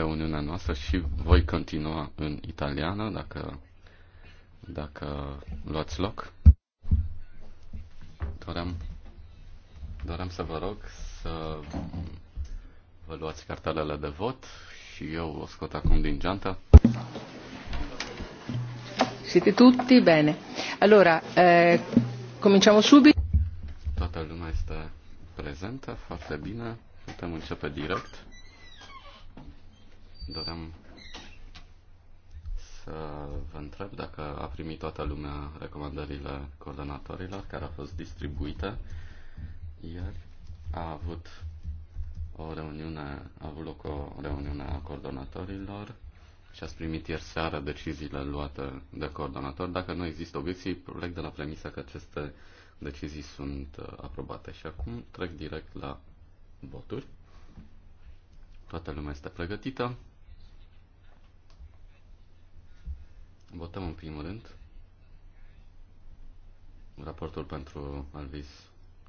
reuniunea noastră și voi continua în italiană, dacă, dacă luați loc. Doream, doream să vă rog să vă luați cartelele de vot și eu o scot acum din geantă. Siete tutti bene. Allora, eh, cominciamo subito. Toată lumea este prezentă, foarte bine. Putem începe direct. Doream să vă întreb dacă a primit toată lumea recomandările coordonatorilor care au fost distribuite ieri. A avut o reuniune, a avut loc o reuniune a coordonatorilor și ați primit ieri seara deciziile luate de coordonator. Dacă nu există obiecții, plec de la premisa că aceste decizii sunt uh, aprobate. Și acum trec direct la voturi. Toată lumea este pregătită. Votăm în primul rând raportul pentru Alvis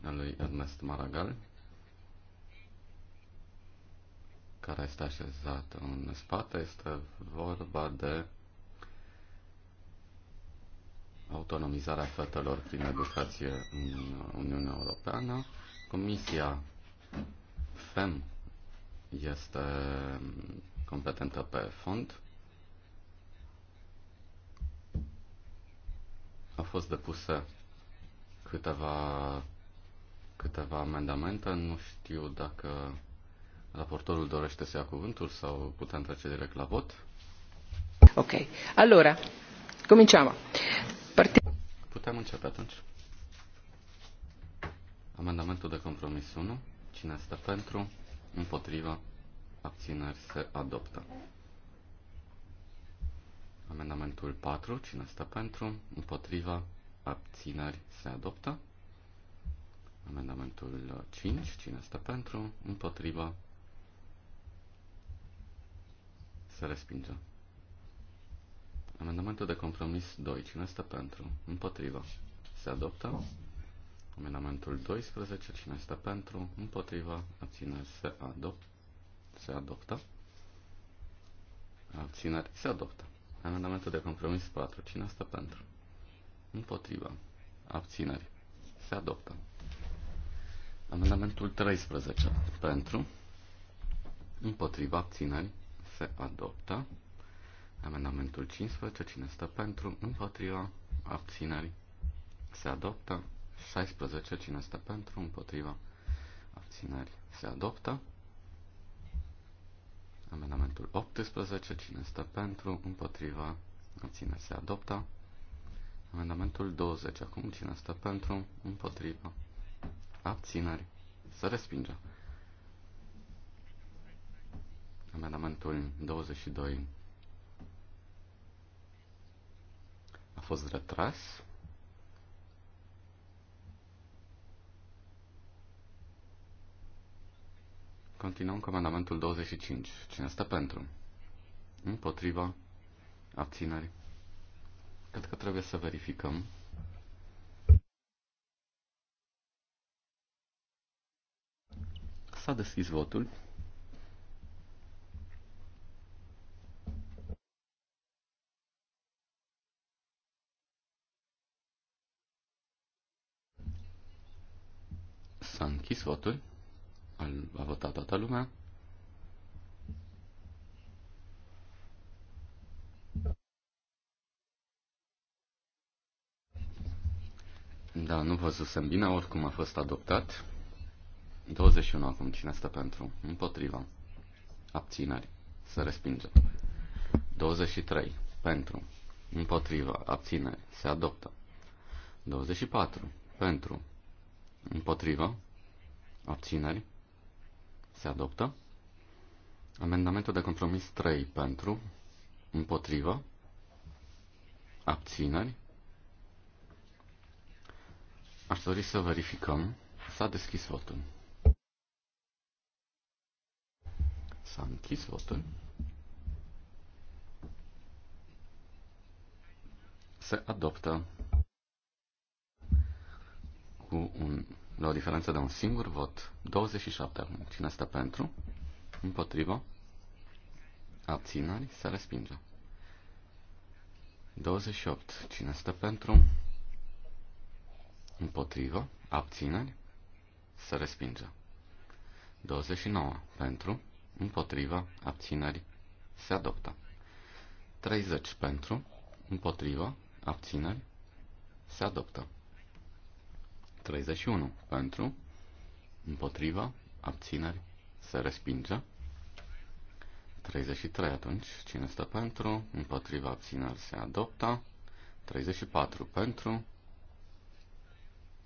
al lui Ernest Maragall, care este așezat în spate. Este vorba de autonomizarea fetelor prin educație în Uniunea Europeană. Comisia FEM este competentă pe fond A fost depusă câteva, câteva amendamente. Nu știu dacă raportorul dorește să ia cuvântul sau putem trece direct la vot. Ok. Allora, cominciamo. Parti... Putem începe atunci. Amendamentul de compromis 1. Cine este pentru? Împotriva? Abțineri se adoptă. Amendamentul 4, cine stă pentru, împotriva, abțineri, se adoptă. Amendamentul 5, cine stă pentru, împotriva, se respinge. Amendamentul de compromis 2, cine stă pentru, împotriva, se adoptă. Amendamentul 12, cine stă pentru, împotriva, abțineri, se, adoptă. se adoptă. Abțineri, se adoptă. Amendamentul de compromis 4. Cine stă pentru? Împotriva. Abțineri. Se adoptă. Amendamentul 13. Pentru. Împotriva. Abțineri. Se adoptă. Amendamentul 15. Cine stă pentru? Împotriva. Abțineri. Se adoptă. 16. Cine stă pentru? Împotriva. Abțineri. Se adoptă. Amendamentul 18. Cine stă pentru? Împotriva. Abțineri se adoptă. Amendamentul 20. Acum cine stă pentru? Împotriva. Abțineri. Se respinge. Amendamentul 22 a fost retras. Continuăm comandamentul 25. Cine stă pentru? Împotriva? Abțineri? Cred că trebuie să verificăm. S-a deschis votul. S-a închis votul. A votat toată lumea? Da, nu văzusem bine, oricum a fost adoptat. 21 acum, cine stă pentru? Împotriva. Abțineri. Se respinge. 23. Pentru. Împotriva. Abțineri. Se adoptă. 24. Pentru. Împotriva. Abțineri. Se adoptă. Amendamentul de compromis 3 pentru, împotrivă, abțineri. Aș dori să verificăm. S-a deschis votul. S-a închis votul. Se adoptă cu un la o diferență de un singur vot. 27 acum. Cine stă pentru? Împotrivă? Abținări? Se respinge. 28. Cine stă pentru? Împotrivă? abținări, Se respinge. 29. Pentru? Împotrivă? abținări, Se adoptă. 30. Pentru? Împotrivă? abținări, Se adoptă. 31 pentru, împotriva, abțineri, se respinge. 33 atunci, cine stă pentru, împotriva, abțineri, se adoptă. 34 pentru,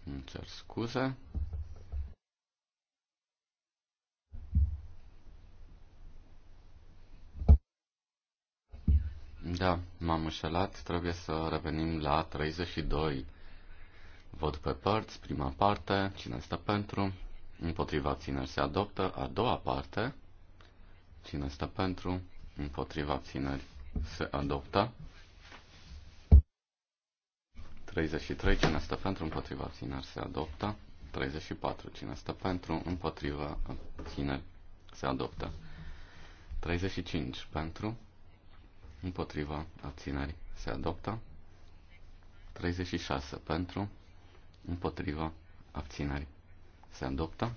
îmi cer scuze. Da, m-am înșelat, trebuie să revenim la 32 vot pe părți, prima parte, cine stă pentru, împotriva țineri se adoptă, a doua parte, cine stă pentru, împotriva țineri se adoptă, 33, cine stă pentru, împotriva țineri se adoptă, 34, cine stă pentru, împotriva țineri se adoptă, 35, pentru, împotriva abținerii se adoptă, 36, pentru, împotriva abținerii. Se adoptă.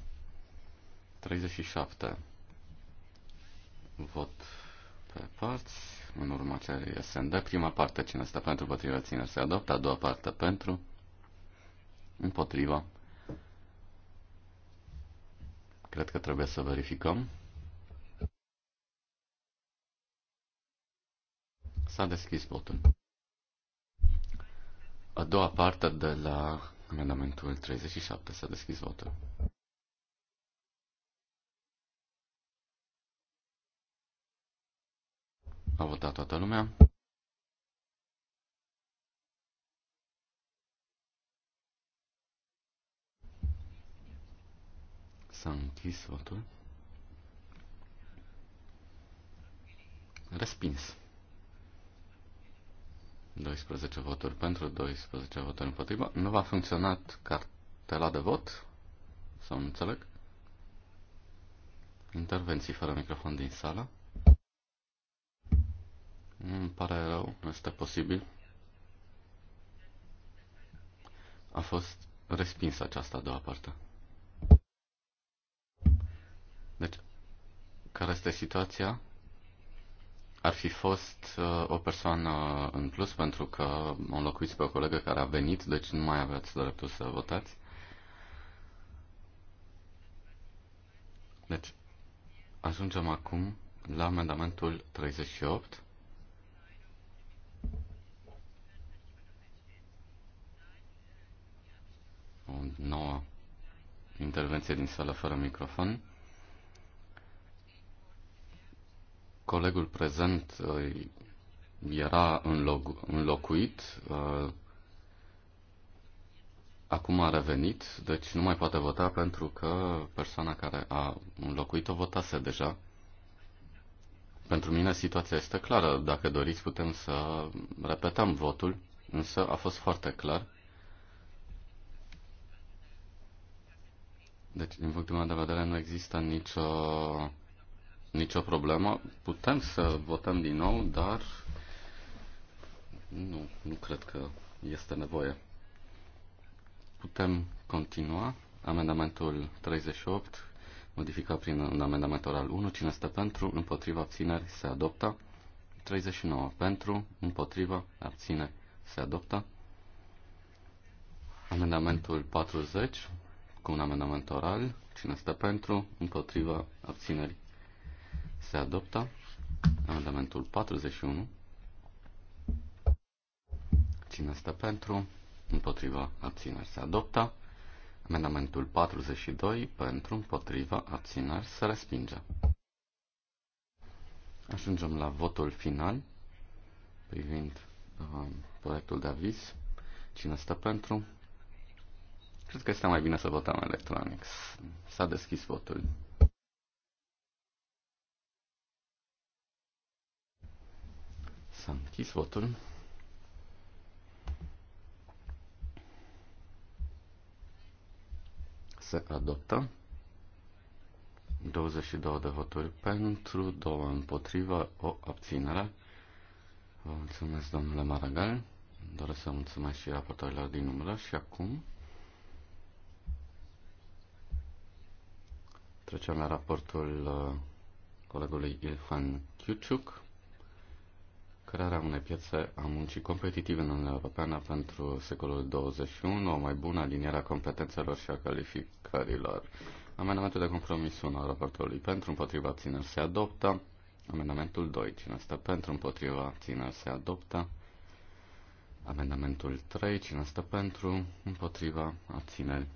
37. Vot pe părți. În urma cererii SND, prima parte cine stă pentru împotriva țineri se adoptă, a doua parte pentru împotriva. Cred că trebuie să verificăm. S-a deschis botul. A doua parte de la Amendamentul 37 s-a deschis votul. A votat toată lumea. S-a închis votul. Respins. 12 voturi pentru, 12 voturi împotriva. Nu va funcționa cartela de vot? Sau nu înțeleg? Intervenții fără microfon din sală? Îmi pare rău, nu este posibil. A fost respinsă această a doua parte. Deci, care este situația? ar fi fost uh, o persoană în plus pentru că o înlocuiți pe o colegă care a venit, deci nu mai aveați dreptul să votați. Deci, ajungem acum la amendamentul 38. O nouă intervenție din sală fără microfon. Colegul prezent uh, era înlocuit, uh, acum a revenit, deci nu mai poate vota pentru că persoana care a înlocuit-o votase deja. Pentru mine situația este clară. Dacă doriți, putem să repetăm votul, însă a fost foarte clar. Deci, din punctul meu de vedere, nu există nicio nicio problemă. Putem să votăm din nou, dar nu, nu cred că este nevoie. Putem continua. Amendamentul 38, modificat prin un amendament oral 1. Cine este pentru, împotriva, abțineri, se adoptă. 39 pentru, împotriva, abține, se adoptă. Amendamentul 40, cu un amendament oral. Cine este pentru, împotriva, abțineri, se adoptă. Amendamentul 41. Cine este pentru? Împotriva abțineri se adoptă. Amendamentul 42 pentru împotriva abțineri se respinge. Ajungem la votul final privind uh, proiectul de aviz. Cine stă pentru? Cred că este mai bine să votăm electronic. S-a deschis votul. S-a închis votul. Se adoptă. 22 de voturi pentru, 2 împotriva, o abținere. Vă mulțumesc, domnule Maragal. Doresc să mulțumesc și raportorilor din umbră și acum trecem la raportul uh, colegului Ilfan Chiuciuc crearea unei piețe a muncii competitive în Uniunea Europeană pentru secolul 21, o mai bună aliniere a competențelor și a calificărilor. Amendamentul de compromis 1 al raportului pentru împotriva țineri se adoptă. Amendamentul 2, cine stă pentru împotriva țineri se adoptă. Amendamentul 3, cine stă pentru împotriva țineri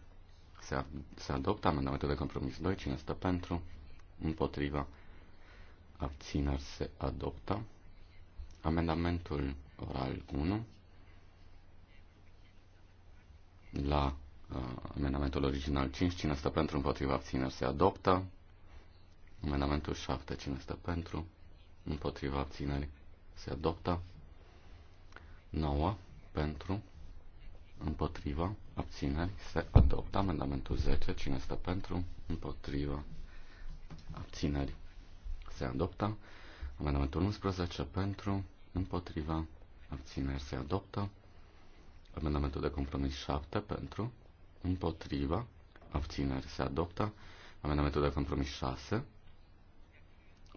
se, se adoptă. Amendamentul de compromis 2, cine stă pentru împotriva țineri se adoptă. Amendamentul oral 1 la uh, amendamentul original 5, cine stă pentru, împotriva abțineri se adoptă. Amendamentul 7, cine stă pentru, împotriva abțineri se adoptă. 9, pentru, împotriva abțineri se adoptă. Amendamentul 10, cine stă pentru, împotriva abțineri se adoptă. Amendamentul 11 pentru, împotriva, abțineri se adoptă. Amendamentul de compromis 7 pentru, împotriva, abțineri se adoptă. Amendamentul de compromis 6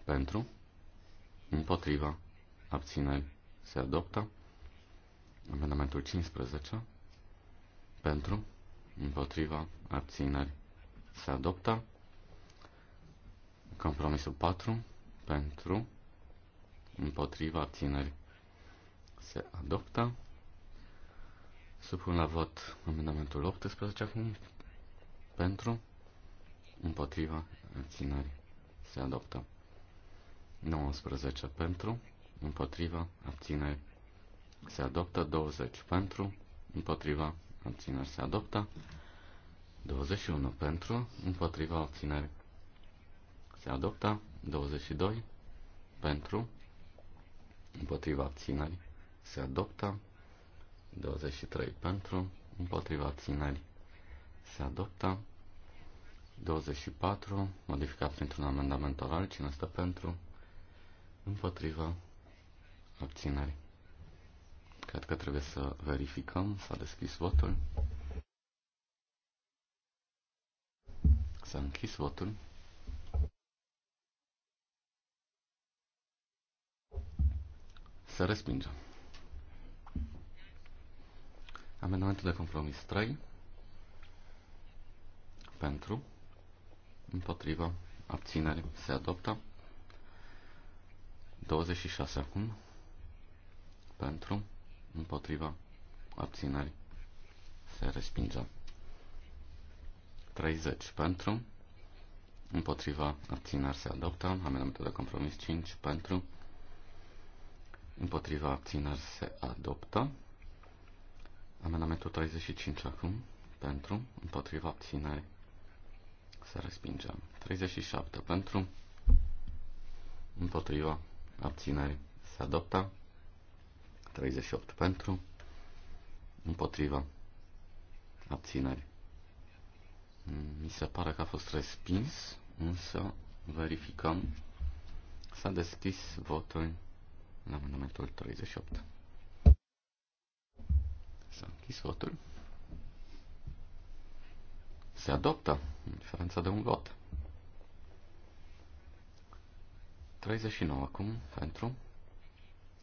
pentru, împotriva, abțineri se adoptă. Amendamentul 15 pentru, împotriva, abțineri se adoptă. Compromisul 4 pentru, împotriva abțineri se adoptă. Supun la vot amendamentul 18 acum. Pentru, împotriva, abțineri se adoptă. 19 pentru, împotriva, abțineri se adoptă. 20 pentru, împotriva, abțineri se adoptă. 21 pentru, împotriva, abțineri se adoptă. 22 pentru, împotriva abținării, se adoptă, 23 pentru, împotriva abținării, se adoptă, 24, modificat printr-un amendament oral, cine stă pentru, împotriva abținării. Cred că trebuie să verificăm, s-a deschis votul. S-a închis votul. Se respinge. Amendamentul de compromis 3. Pentru. Împotriva. Abținere. Se adoptă. 26 acum. Pentru. Împotriva. Abținere. Se respinge. 30 pentru. Împotriva abțineri se adoptă. Amendamentul de compromis 5 pentru. Împotriva abțineri se adoptă. Amendamentul 35 acum. Pentru. Împotriva abțineri se respinge. 37 pentru. Împotriva abțineri se adoptă. 38 pentru. Împotriva abțineri. Mi se pare că a fost respins, însă verificăm. S-a deschis votul la amendamentul 38. S-a închis votul. Se adoptă în diferența de un vot. 39 acum pentru.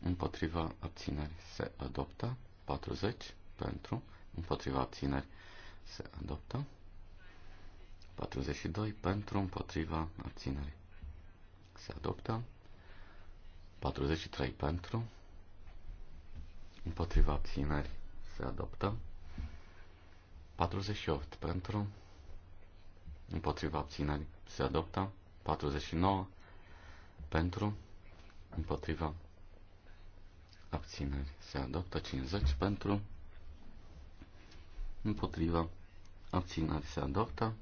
Împotriva abțineri se adoptă. 40 pentru. Împotriva abțineri se adoptă. 42 pentru împotriva abținerii. Se adoptă 43 pentru. Împotriva abțineri se adoptă. 48 pentru. Împotriva abțineri se adoptă. 49 pentru. Împotriva abțineri se adoptă. 50 pentru. Împotriva abțineri se adoptă.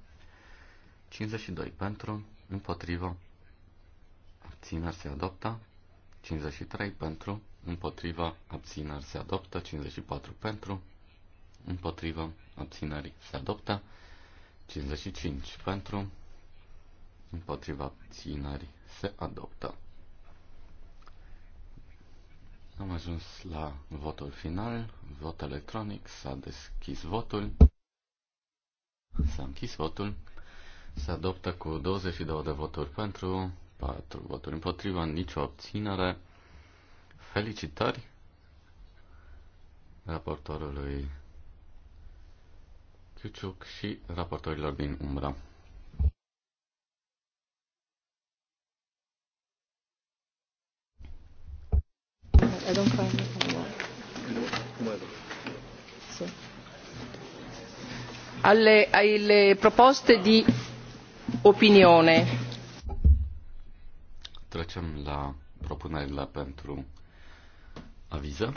52 pentru. Împotriva abțineri se adoptă. 53 pentru, împotriva abțineri se adoptă, 54 pentru, împotriva abținerii se adoptă, 55 pentru, împotriva abținerii se adoptă. Am ajuns la votul final, vot electronic, s-a deschis votul, s-a închis votul, se adoptă cu 22 de voturi pentru, 4 voturi împotriva, nicio obținere. Felicitări raportorului Chiuciuc și raportorilor din Umbra. alle, alle proposte di opinione Trecem la propunerile pentru aviză.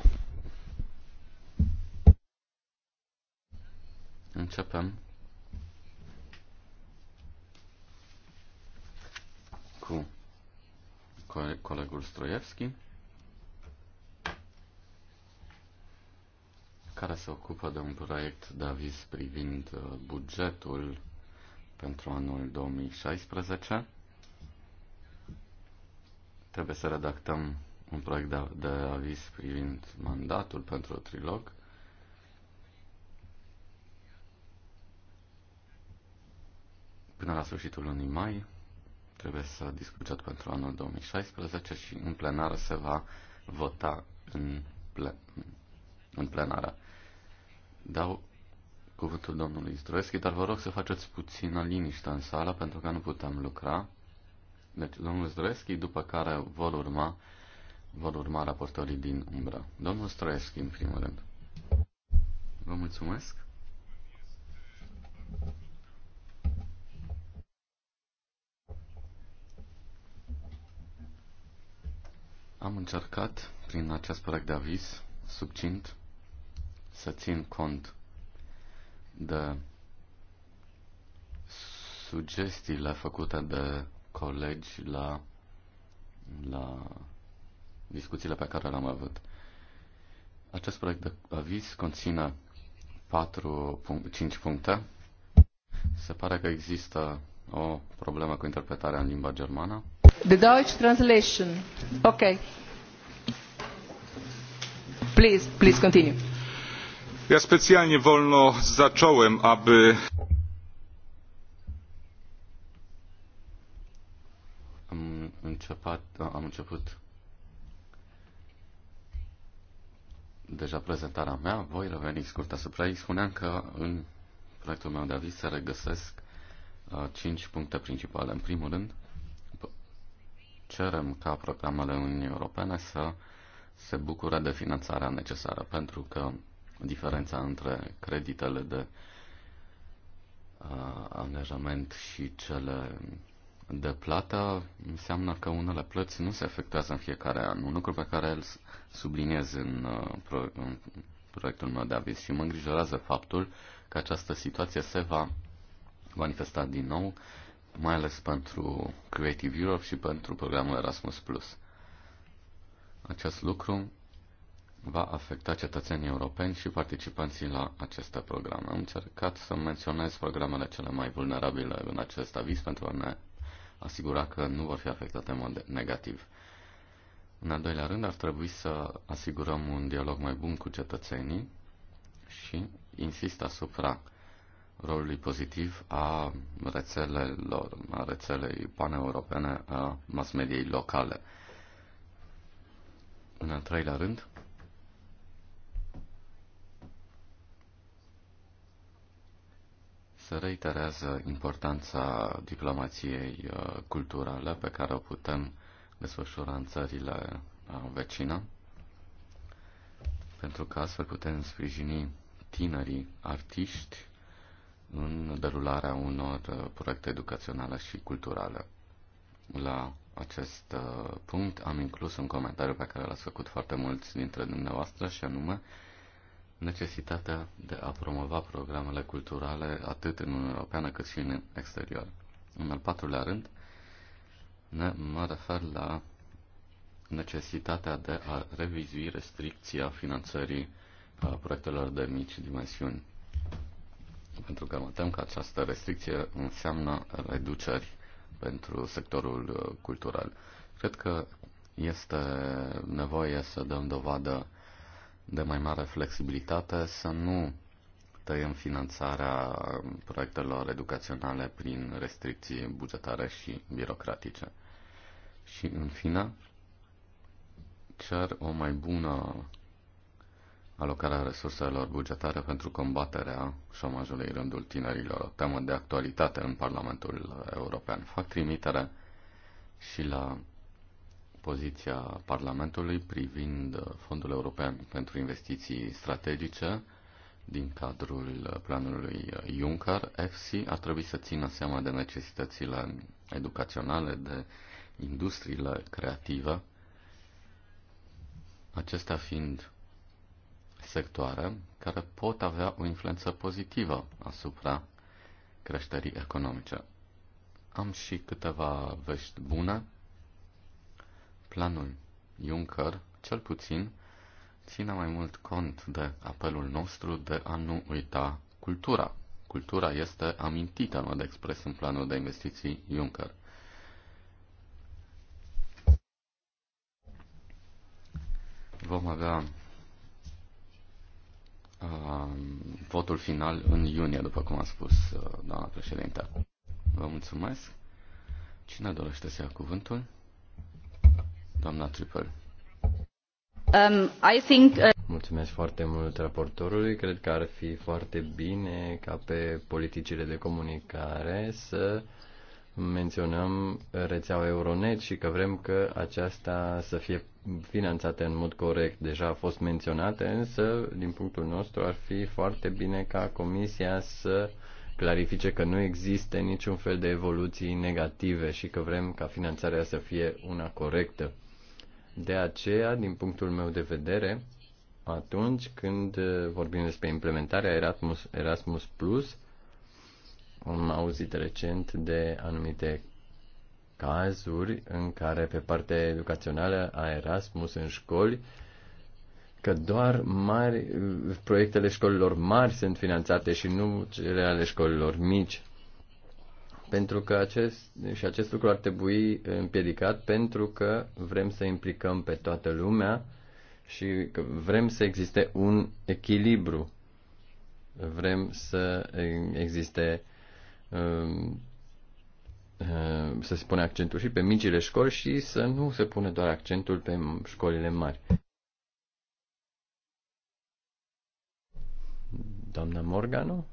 Începem cu colegul Stroievski, care se ocupă de un proiect de aviz privind uh, bugetul pentru anul 2016. Trebuie să redactăm un proiect de, de aviz privind mandatul pentru trilog. Până la sfârșitul lunii mai trebuie să discutăm pentru anul 2016 și în plenară se va vota în, ple- în plenară. Dau cuvântul domnului Zdroeschi, dar vă rog să faceți puțină liniște în sală pentru că nu putem lucra. Deci, domnul Zdreschi, după care vor urma, vor urma raportorii din umbră. Domnul Zdreschi, în primul rând. Vă mulțumesc. Am încercat, prin acest proiect de aviz, succint, să țin cont de sugestiile făcute de colegi la, la discuțiile pe care le-am avut. Acest proiect de aviz conține 4, 5 puncte. Se pare că există o problemă cu interpretarea în limba germană. The Deutsch translation. Ok. Please, please continue. Ja specjalnie wolno zacząłem, aby început, am început deja prezentarea mea, voi reveni scurt asupra ei. Spuneam că în proiectul meu de aviz se regăsesc cinci puncte principale. În primul rând, cerem ca programele Uniunii Europene să se bucure de finanțarea necesară, pentru că diferența între creditele de uh, angajament și cele de plată înseamnă că unele plăți nu se efectuează în fiecare an, un lucru pe care îl subliniez în, uh, în proiectul meu de aviz și mă îngrijorează faptul că această situație se va manifesta din nou, mai ales pentru Creative Europe și pentru programul Erasmus+. Acest lucru va afecta cetățenii europeni și participanții la aceste programe. Am încercat să menționez programele cele mai vulnerabile în acest aviz pentru a ne asigura că nu vor fi afectate în mod negativ. În al doilea rând, ar trebui să asigurăm un dialog mai bun cu cetățenii și insist asupra rolului pozitiv a rețelelor, a rețelei paneuropene, a mass-mediei locale. În al treilea rând, să reiterează importanța diplomației uh, culturale pe care o putem desfășura în țările uh, vecine, pentru că astfel putem sprijini tinerii artiști în derularea unor uh, proiecte educaționale și culturale. La acest punct am inclus un comentariu pe care l-ați făcut foarte mulți dintre dumneavoastră și anume necesitatea de a promova programele culturale atât în Uniunea Europeană cât și în exterior. În al patrulea rând, ne, mă refer la necesitatea de a revizui restricția finanțării proiectelor de mici dimensiuni. Pentru că mă tem că această restricție înseamnă reduceri pentru sectorul cultural. Cred că este nevoie să dăm dovadă de mai mare flexibilitate, să nu tăiem finanțarea proiectelor educaționale prin restricții bugetare și birocratice. Și în fine, cer o mai bună alocare a resurselor bugetare pentru combaterea șomajului în rândul tinerilor, o temă de actualitate în Parlamentul European. Fac trimitere și la poziția Parlamentului privind Fondul European pentru Investiții Strategice din cadrul planului Juncker, EFSI ar trebui să țină seama de necesitățile educaționale, de industriile creative, acestea fiind sectoare care pot avea o influență pozitivă asupra creșterii economice. Am și câteva vești bune Planul Juncker, cel puțin, ține mai mult cont de apelul nostru de a nu uita cultura. Cultura este amintită, în mod expres, în planul de investiții Juncker. Vom avea uh, votul final în iunie, după cum a spus uh, doamna președinte. Vă mulțumesc. Cine dorește să ia cuvântul? Doamna Triple. Um, I think, uh... Mulțumesc foarte mult raportorului. Cred că ar fi foarte bine ca pe politicile de comunicare să menționăm rețeaua Euronet și că vrem că aceasta să fie finanțată în mod corect. Deja a fost menționată, însă, din punctul nostru, ar fi foarte bine ca Comisia să clarifice că nu există niciun fel de evoluții negative și că vrem ca finanțarea să fie una corectă. De aceea, din punctul meu de vedere, atunci când uh, vorbim despre implementarea Erasmus, Erasmus Plus, am auzit recent de anumite cazuri în care pe partea educațională a Erasmus în școli că doar mari, uh, proiectele școlilor mari sunt finanțate și nu cele ale școlilor mici pentru că acest, și acest lucru ar trebui împiedicat pentru că vrem să implicăm pe toată lumea și că vrem să existe un echilibru. Vrem să existe um, uh, să se pune accentul și pe micile școli și să nu se pune doar accentul pe școlile mari. Doamna Morgano?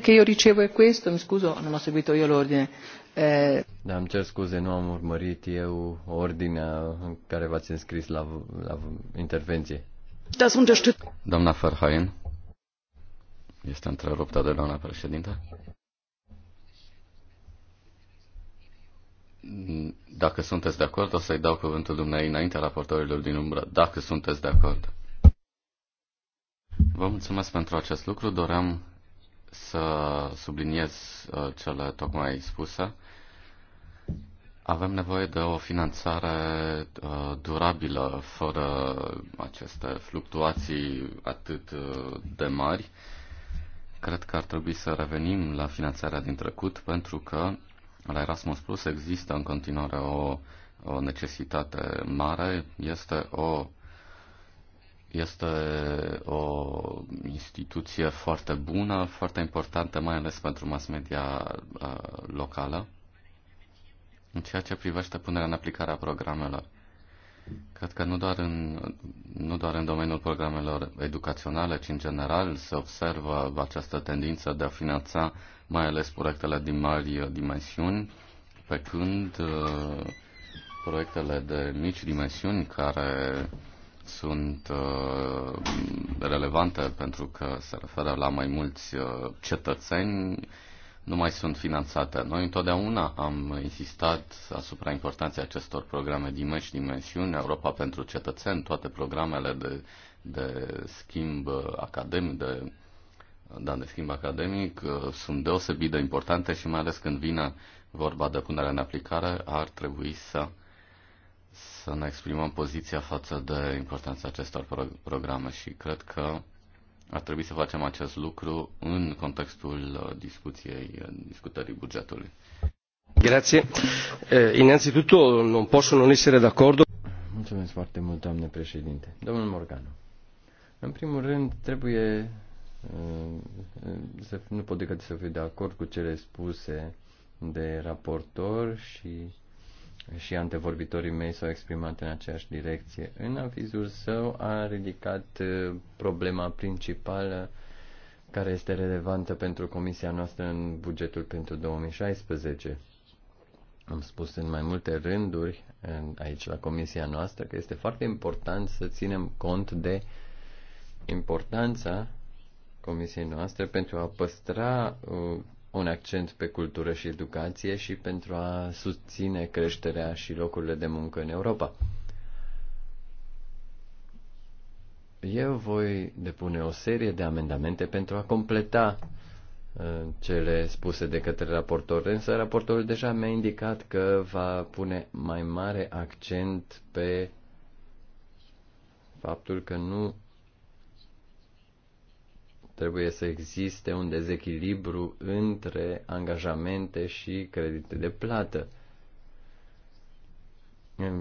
Che io ricevo è questo, mi scuso, non ho seguito io l'ordine. Eh, da, îmi cer scuze, nu am urmărit eu ordinea în care v-ați înscris la, la intervenție. Doamna Farhain, este întreruptă de doamna președinte. Dacă sunteți de acord, o să-i dau cuvântul dumneai înainte raportorilor din umbră, dacă sunteți de acord. Vă mulțumesc pentru acest lucru. Doream să subliniez uh, cele tocmai spuse. Avem nevoie de o finanțare uh, durabilă, fără aceste fluctuații atât uh, de mari. Cred că ar trebui să revenim la finanțarea din trecut, pentru că la Erasmus Plus există în continuare o, o necesitate mare. Este o este o instituție foarte bună, foarte importantă, mai ales pentru mass media uh, locală, în ceea ce privește punerea în aplicare a programelor. Cred că nu doar, în, nu doar în domeniul programelor educaționale, ci în general se observă această tendință de a finanța mai ales proiectele din mari dimensiuni, pe când uh, proiectele de mici dimensiuni care sunt uh, relevante pentru că se referă la mai mulți uh, cetățeni, nu mai sunt finanțate. Noi întotdeauna am insistat asupra importanței acestor programe dimensi, dimensiuni, Europa pentru cetățeni, toate programele de, de schimb academic, de, da, de schimb academic uh, sunt deosebit de importante și mai ales când vine vorba de punere în aplicare, ar trebui să să ne exprimăm poziția față de importanța acestor pro- programe și cred că ar trebui să facem acest lucru în contextul uh, discuției, uh, discutării bugetului. Grazie. Eh, innanzitutto non posso non essere d'accordo. Mulțumesc foarte mult, doamne președinte. Domnul Morgano, în primul rând trebuie eh, să, nu pot decât să fiu de acord cu cele spuse de raportor și și antevorbitorii mei s-au exprimat în aceeași direcție. În avizul său a ridicat uh, problema principală care este relevantă pentru comisia noastră în bugetul pentru 2016. Am spus în mai multe rânduri aici la comisia noastră că este foarte important să ținem cont de importanța comisiei noastre pentru a păstra uh, un accent pe cultură și educație și pentru a susține creșterea și locurile de muncă în Europa. Eu voi depune o serie de amendamente pentru a completa uh, cele spuse de către raportor, însă raportorul deja mi-a indicat că va pune mai mare accent pe faptul că nu Trebuie să existe un dezechilibru între angajamente și credite de plată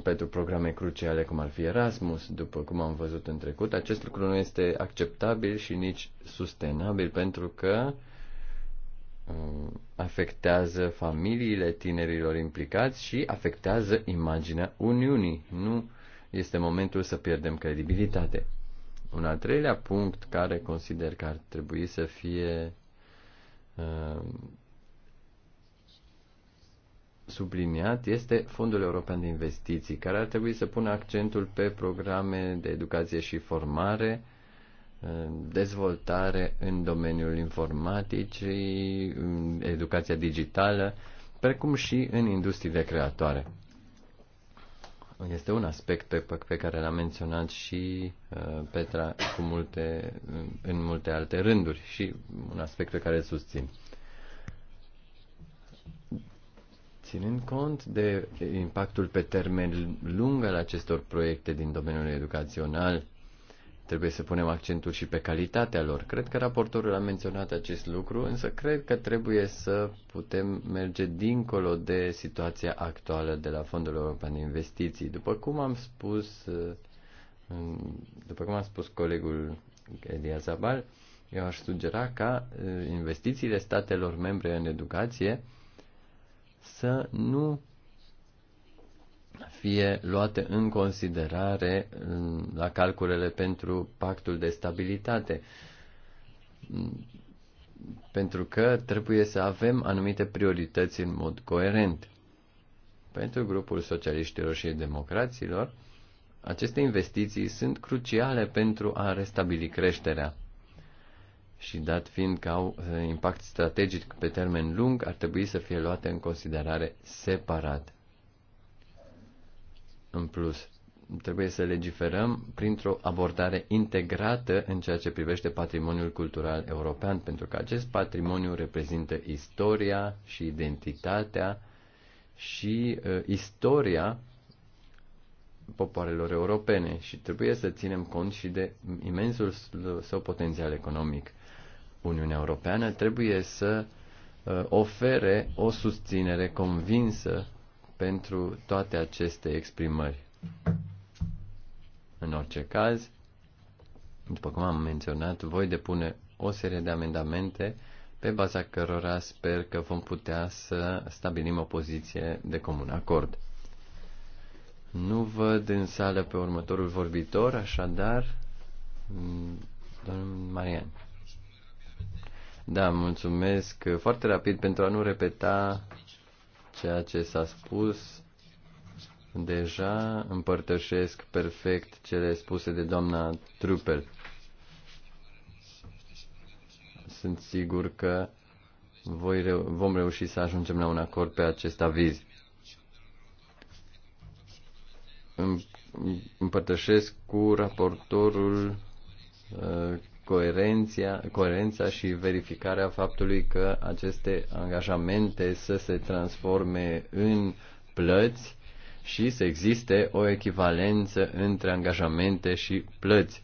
pentru programe cruciale cum ar fi Erasmus, după cum am văzut în trecut, acest lucru nu este acceptabil și nici sustenabil pentru că um, afectează familiile tinerilor implicați și afectează imaginea Uniunii. Nu este momentul să pierdem credibilitate. Un al treilea punct care consider că ar trebui să fie uh, subliniat este Fondul European de Investiții, care ar trebui să pună accentul pe programe de educație și formare, uh, dezvoltare în domeniul informaticii, educația digitală, precum și în industriile creatoare este un aspect pe, pe care l-a menționat și uh, Petra cu multe, în multe alte rânduri și un aspect pe care îl susțin. Ținând cont de impactul pe termen lung al acestor proiecte din domeniul educațional Trebuie să punem accentul și pe calitatea lor. Cred că raportorul a menționat acest lucru, însă cred că trebuie să putem merge dincolo de situația actuală de la Fondul European de Investiții. După cum am spus, uh, după cum a spus colegul Elia Zabal, eu aș sugera ca uh, investițiile statelor membre în educație să nu fie luate în considerare la calculele pentru pactul de stabilitate. Pentru că trebuie să avem anumite priorități în mod coerent. Pentru grupul socialiștilor și democraților, aceste investiții sunt cruciale pentru a restabili creșterea. Și dat fiind că au eh, impact strategic pe termen lung, ar trebui să fie luate în considerare separat în plus, trebuie să legiferăm printr-o abordare integrată în ceea ce privește patrimoniul cultural european, pentru că acest patrimoniu reprezintă istoria și identitatea și uh, istoria popoarelor europene și trebuie să ținem cont și de imensul său potențial economic. Uniunea Europeană trebuie să uh, ofere o susținere convinsă pentru toate aceste exprimări. În orice caz, după cum am menționat, voi depune o serie de amendamente pe baza cărora sper că vom putea să stabilim o poziție de comun acord. Nu văd în sală pe următorul vorbitor, așadar, domnul Marian. Da, mulțumesc foarte rapid pentru a nu repeta Ceea ce s-a spus deja împărtășesc perfect cele spuse de doamna Trupel. Sunt sigur că voi reu- vom reuși să ajungem la un acord pe acest aviz. Împărtășesc cu raportorul uh, coerenția, coerența și verificarea faptului că aceste angajamente să se transforme în plăți și să existe o echivalență între angajamente și plăți.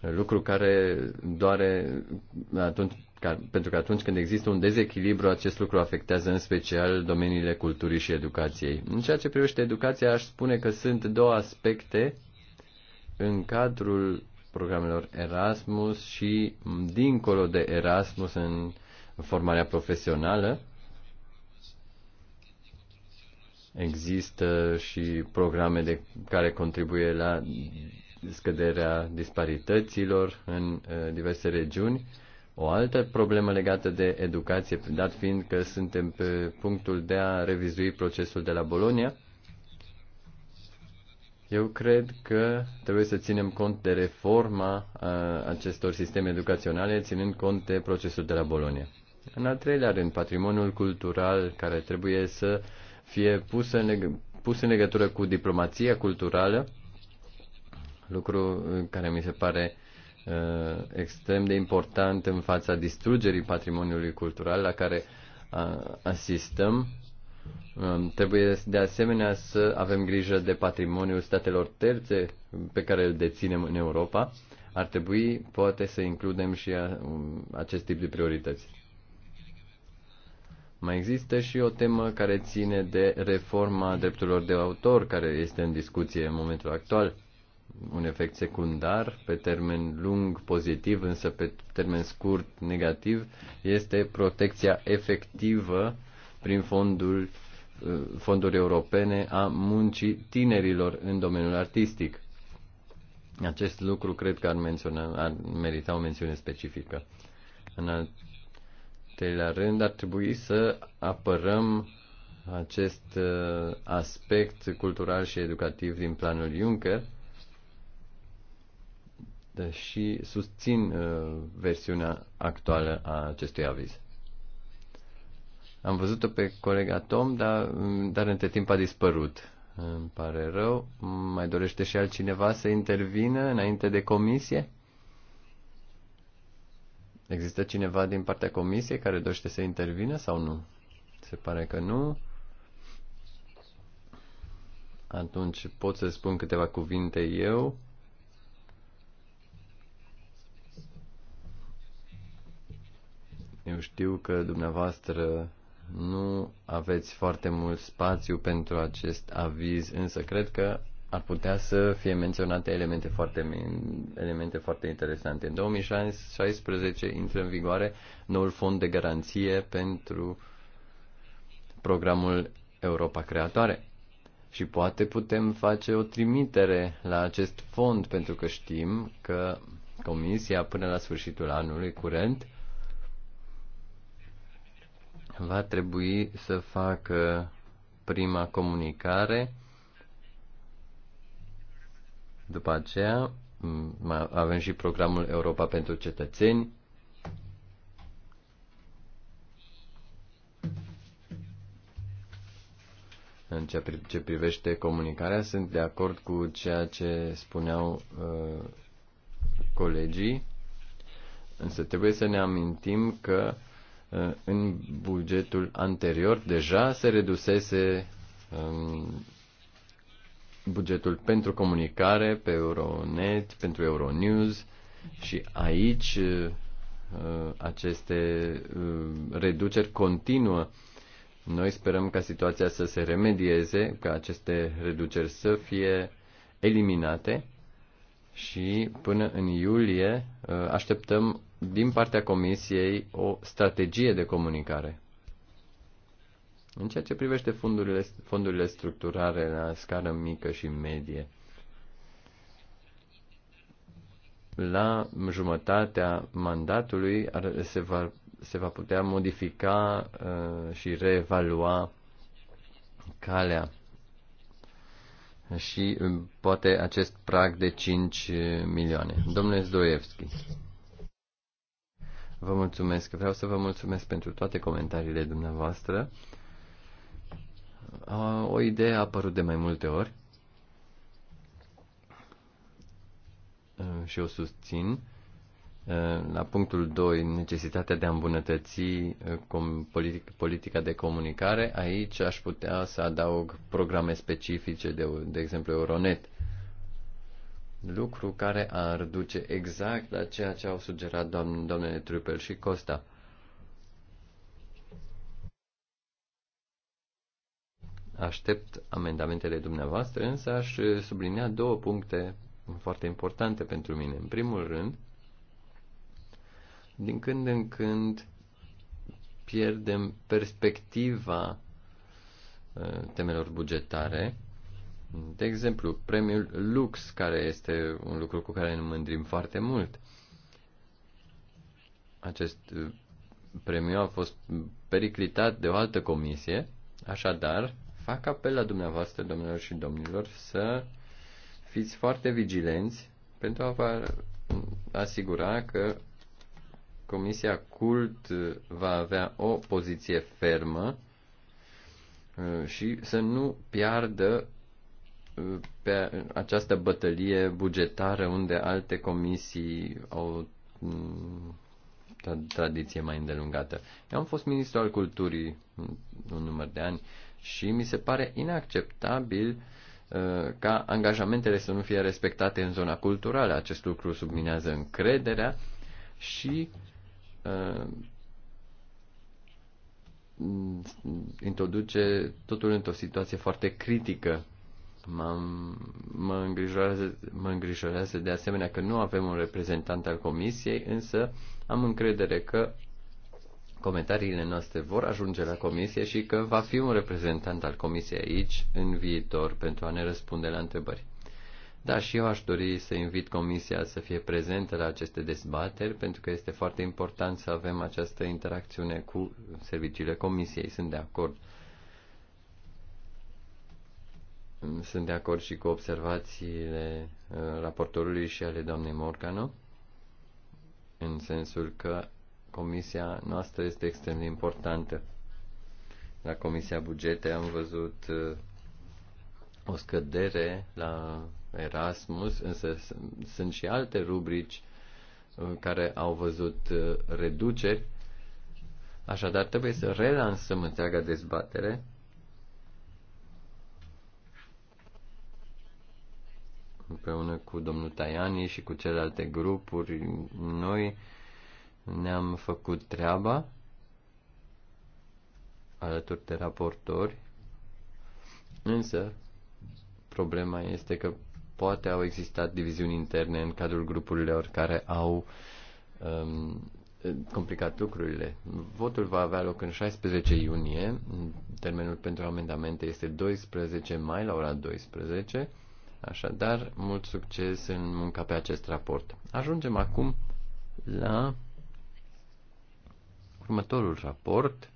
Lucru care doare atunci, ca, pentru că atunci când există un dezechilibru, acest lucru afectează în special domeniile culturii și educației. În ceea ce privește educația, aș spune că sunt două aspecte în cadrul programelor Erasmus și dincolo de Erasmus în formarea profesională. Există și programe de, care contribuie la scăderea disparităților în uh, diverse regiuni. O altă problemă legată de educație, dat fiind că suntem pe punctul de a revizui procesul de la Bolonia, eu cred că trebuie să ținem cont de reforma acestor sisteme educaționale, ținând cont de procesul de la Bolonia. În al treilea rând, patrimoniul cultural care trebuie să fie pus în, leg- pus în legătură cu diplomația culturală, lucru uh, care mi se pare uh, extrem de important în fața distrugerii patrimoniului cultural la care uh, asistăm Um, trebuie de asemenea să avem grijă de patrimoniul statelor terțe pe care îl deținem în Europa. Ar trebui poate să includem și um, acest tip de priorități. Mai există și o temă care ține de reforma drepturilor de autor, care este în discuție în momentul actual. Un efect secundar, pe termen lung pozitiv, însă pe termen scurt negativ, este protecția efectivă prin fondul, uh, fonduri europene a muncii tinerilor în domeniul artistic. Acest lucru cred că ar, menționa, ar merita o mențiune specifică. În al treilea rând, ar trebui să apărăm acest uh, aspect cultural și educativ din planul Juncker și susțin uh, versiunea actuală a acestui aviz. Am văzut-o pe colega Tom, dar, dar între timp a dispărut. Îmi pare rău. Mai dorește și altcineva să intervină înainte de comisie? Există cineva din partea comisiei care dorește să intervină sau nu? Se pare că nu. Atunci pot să spun câteva cuvinte eu. Eu știu că dumneavoastră nu aveți foarte mult spațiu pentru acest aviz, însă cred că ar putea să fie menționate elemente foarte, elemente foarte interesante. În 2016 intră în vigoare noul fond de garanție pentru programul Europa Creatoare. Și poate putem face o trimitere la acest fond, pentru că știm că Comisia, până la sfârșitul anului curent, va trebui să facă prima comunicare. După aceea avem și programul Europa pentru cetățeni. În ceea ce privește comunicarea, sunt de acord cu ceea ce spuneau uh, colegii, însă trebuie să ne amintim că uh, Uh, în bugetul anterior deja se redusese um, bugetul pentru comunicare, pe Euronet, pentru Euronews și aici uh, uh, aceste reduceri continuă. Noi sperăm ca situația să se remedieze, ca aceste reduceri să fie eliminate și până în iulie așteptăm din partea Comisiei o strategie de comunicare. În ceea ce privește fondurile, fondurile structurare la scară mică și medie, la jumătatea mandatului se va, se va putea modifica uh, și reevalua calea. Și uh, poate acest prag de 5 uh, milioane. Domnule Zdoievski. Vă mulțumesc. Vreau să vă mulțumesc pentru toate comentariile dumneavoastră. O idee a apărut de mai multe ori și o susțin. La punctul 2, necesitatea de a îmbunătăți politica de comunicare, aici aș putea să adaug programe specifice, de, de exemplu Euronet, lucru care ar duce exact la ceea ce au sugerat doamn, doamnele Trupel și Costa. Aștept amendamentele dumneavoastră, însă aș sublinea două puncte foarte importante pentru mine. În primul rând, din când în când pierdem perspectiva uh, temelor bugetare de exemplu, premiul Lux, care este un lucru cu care ne mândrim foarte mult. Acest uh, premiu a fost periclitat de o altă comisie, așadar, fac apel la dumneavoastră, domnilor și domnilor, să fiți foarte vigilenți pentru a vă asigura că Comisia Cult uh, va avea o poziție fermă uh, și să nu piardă pe această bătălie bugetară unde alte comisii au mm, tradiție mai îndelungată. Eu am fost ministru al culturii un număr de ani și mi se pare inacceptabil uh, ca angajamentele să nu fie respectate în zona culturală. Acest lucru subminează încrederea și uh, mm, introduce totul într-o situație foarte critică mă, îngrijorează, mă îngrijorează de asemenea că nu avem un reprezentant al comisiei, însă am încredere că comentariile noastre vor ajunge la comisie și că va fi un reprezentant al comisiei aici în viitor pentru a ne răspunde la întrebări. Da, și eu aș dori să invit comisia să fie prezentă la aceste dezbateri, pentru că este foarte important să avem această interacțiune cu serviciile comisiei. Sunt de acord. Sunt de acord și cu observațiile uh, raportorului și ale doamnei Morgano, în sensul că comisia noastră este extrem de importantă. La Comisia Bugete am văzut uh, o scădere la Erasmus, însă sunt și alte rubrici uh, care au văzut reduceri. Așadar, trebuie să relansăm întreaga dezbatere împreună cu domnul Tajani și cu celelalte grupuri, noi ne-am făcut treaba alături de raportori, însă problema este că poate au existat diviziuni interne în cadrul grupurilor care au um, complicat lucrurile. Votul va avea loc în 16 iunie, termenul pentru amendamente este 12 mai la ora 12 Așadar, mult succes în munca pe acest raport. Ajungem acum la următorul raport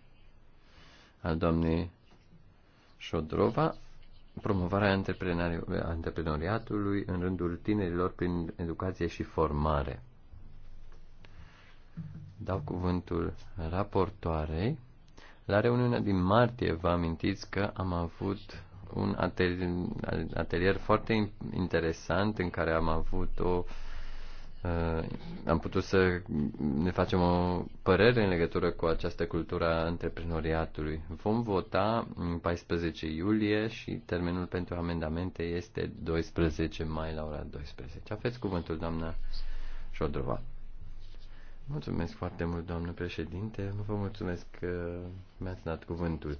al doamnei Șodrova, promovarea antreprenoriatului în rândul tinerilor prin educație și formare. Dau cuvântul raportoarei. La reuniunea din martie vă amintiți că am avut un atelier, atelier foarte interesant în care am avut o uh, am putut să ne facem o părere în legătură cu această cultură a antreprenoriatului. Vom vota în 14 iulie și termenul pentru amendamente este 12 mai la ora 12. Aveți cuvântul, doamna Șodrova. Mulțumesc foarte mult, doamnă președinte. Vă mulțumesc că mi-ați dat cuvântul.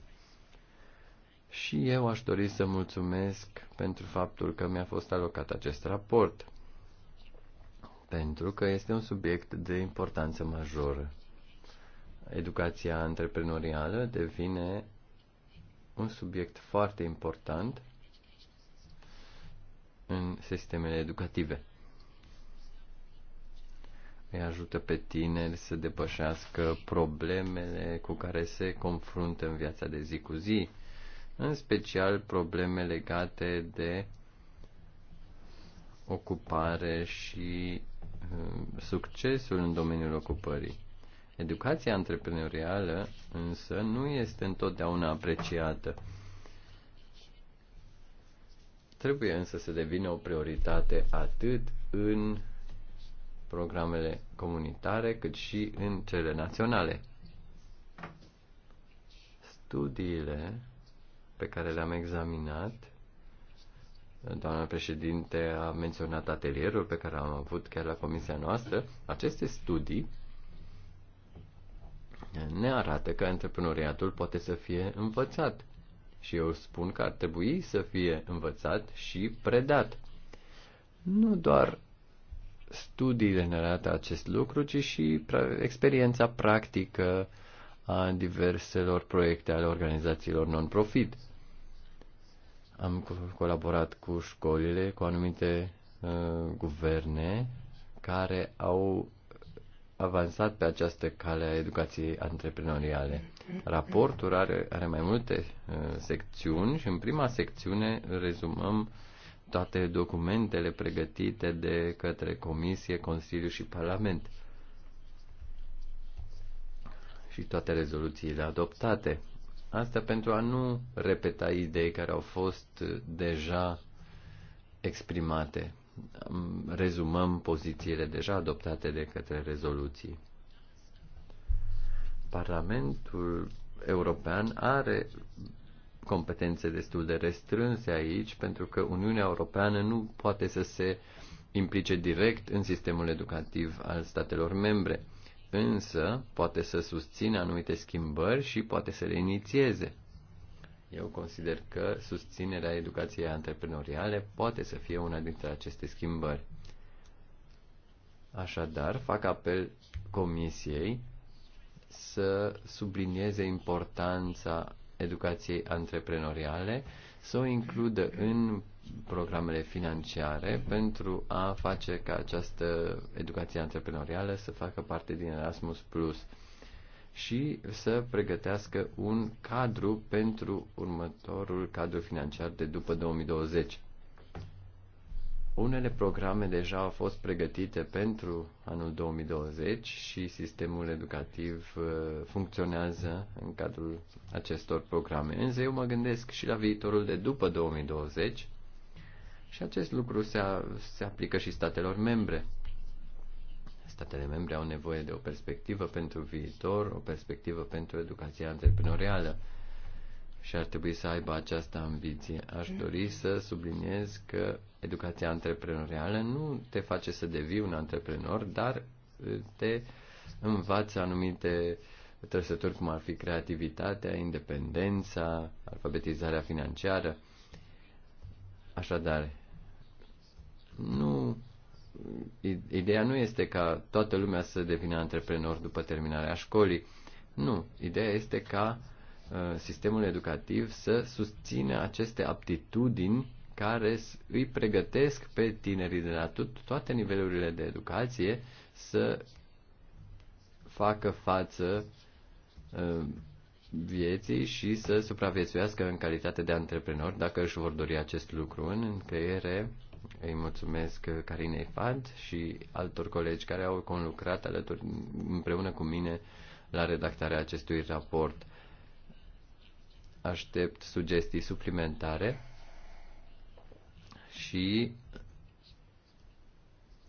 Și eu aș dori să mulțumesc pentru faptul că mi-a fost alocat acest raport, pentru că este un subiect de importanță majoră. Educația antreprenorială devine un subiect foarte important în sistemele educative. Îi ajută pe tineri să depășească problemele cu care se confruntă în viața de zi cu zi în special probleme legate de ocupare și uh, succesul în domeniul ocupării. Educația antreprenorială însă nu este întotdeauna apreciată. Trebuie însă să devină o prioritate atât în programele comunitare cât și în cele naționale. Studiile pe care le-am examinat. Doamna președinte a menționat atelierul pe care am avut chiar la comisia noastră. Aceste studii ne arată că antreprenoriatul poate să fie învățat. Și eu spun că ar trebui să fie învățat și predat. Nu doar studiile ne arată acest lucru, ci și experiența practică a diverselor proiecte ale organizațiilor non-profit. Am colaborat cu școlile, cu anumite uh, guverne care au avansat pe această cale a educației antreprenoriale. Raportul are, are mai multe uh, secțiuni și în prima secțiune rezumăm toate documentele pregătite de către Comisie, Consiliu și Parlament și toate rezoluțiile adoptate. Asta pentru a nu repeta idei care au fost deja exprimate. Rezumăm pozițiile deja adoptate de către rezoluții. Parlamentul European are competențe destul de restrânse aici, pentru că Uniunea Europeană nu poate să se implice direct în sistemul educativ al statelor membre însă poate să susțină anumite schimbări și poate să le inițieze. Eu consider că susținerea educației antreprenoriale poate să fie una dintre aceste schimbări. Așadar, fac apel Comisiei să sublinieze importanța educației antreprenoriale, să o includă în programele financiare pentru a face ca această educație antreprenorială să facă parte din Erasmus Plus și să pregătească un cadru pentru următorul cadru financiar de după 2020. Unele programe deja au fost pregătite pentru anul 2020 și sistemul educativ uh, funcționează în cadrul acestor programe. Însă eu mă gândesc și la viitorul de după 2020 și acest lucru se, a, se aplică și statelor membre. Statele membre au nevoie de o perspectivă pentru viitor, o perspectivă pentru educația antreprenorială și ar trebui să aibă această ambiție. Aș dori să subliniez că educația antreprenorială nu te face să devii un antreprenor, dar uh, te învață anumite trăsături cum ar fi creativitatea, independența, alfabetizarea financiară. Așadar, nu, ideea nu este ca toată lumea să devină antreprenor după terminarea școlii. Nu, ideea este ca uh, sistemul educativ să susțină aceste aptitudini care îi pregătesc pe tinerii de la toate nivelurile de educație să facă față uh, vieții și să supraviețuiască în calitate de antreprenori dacă își vor dori acest lucru. În încheiere, îi mulțumesc Carinei Fad și altor colegi care au conlucrat alături, împreună cu mine la redactarea acestui raport. Aștept sugestii suplimentare și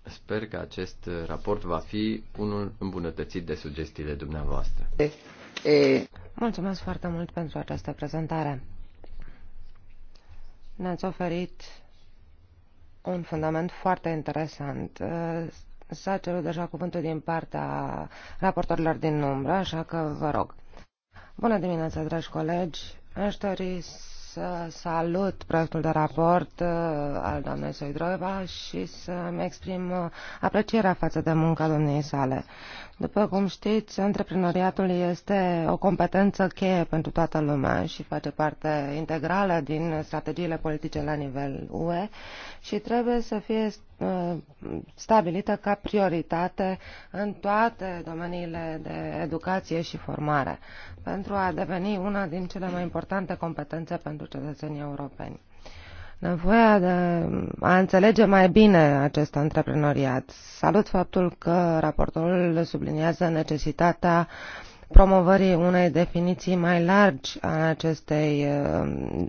sper că acest raport va fi unul îmbunătățit de sugestiile dumneavoastră. Mulțumesc foarte mult pentru această prezentare. Ne-ați oferit un fundament foarte interesant. Uh, s-a cerut deja cuvântul din partea raportorilor din umbră, așa că vă rog. Bună dimineața, dragi colegi! Aș dori să salut proiectul de raport uh, al doamnei Soidroeva și să-mi exprim uh, aprecierea față de munca domniei sale. După cum știți, antreprenoriatul este o competență cheie pentru toată lumea și face parte integrală din strategiile politice la nivel UE și trebuie să fie Uh, stabilită ca prioritate în toate domeniile de educație și formare, pentru a deveni una din cele mai importante competențe pentru cetățenii europeni. Nevoia de a înțelege mai bine acest antreprenoriat. Salut faptul că raportorul subliniază necesitatea promovării unei definiții mai largi a acestei, uh,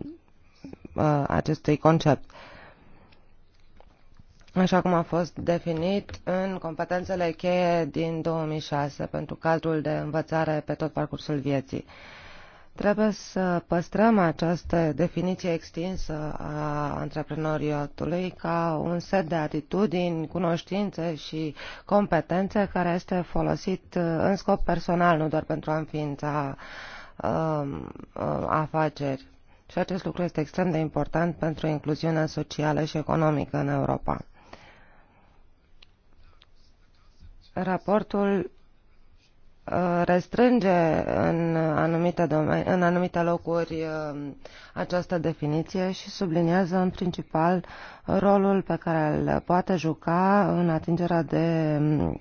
uh, acestui concept așa cum a fost definit în competențele cheie din 2006 pentru cadrul de învățare pe tot parcursul vieții. Trebuie să păstrăm această definiție extinsă a antreprenoriatului ca un set de atitudini, cunoștințe și competențe care este folosit uh, în scop personal, nu doar pentru a înființa um, uh, afaceri. Și acest lucru este extrem de important pentru incluziunea socială și economică în Europa. Raportul uh, restrânge în anumite, domeni, în anumite locuri uh, această definiție și subliniază în principal rolul pe care îl poate juca în atingerea de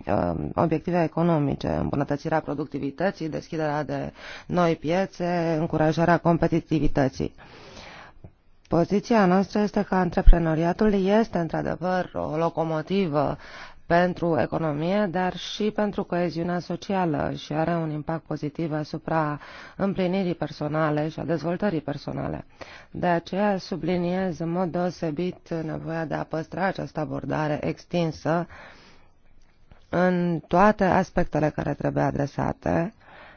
uh, obiective economice, îmbunătățirea productivității, deschiderea de noi piețe, încurajarea competitivității. Poziția noastră este că antreprenoriatul este într-adevăr o locomotivă pentru economie, dar și pentru coeziunea socială și are un impact pozitiv asupra împlinirii personale și a dezvoltării personale. De aceea subliniez în mod deosebit nevoia de a păstra această abordare extinsă în toate aspectele care trebuie adresate,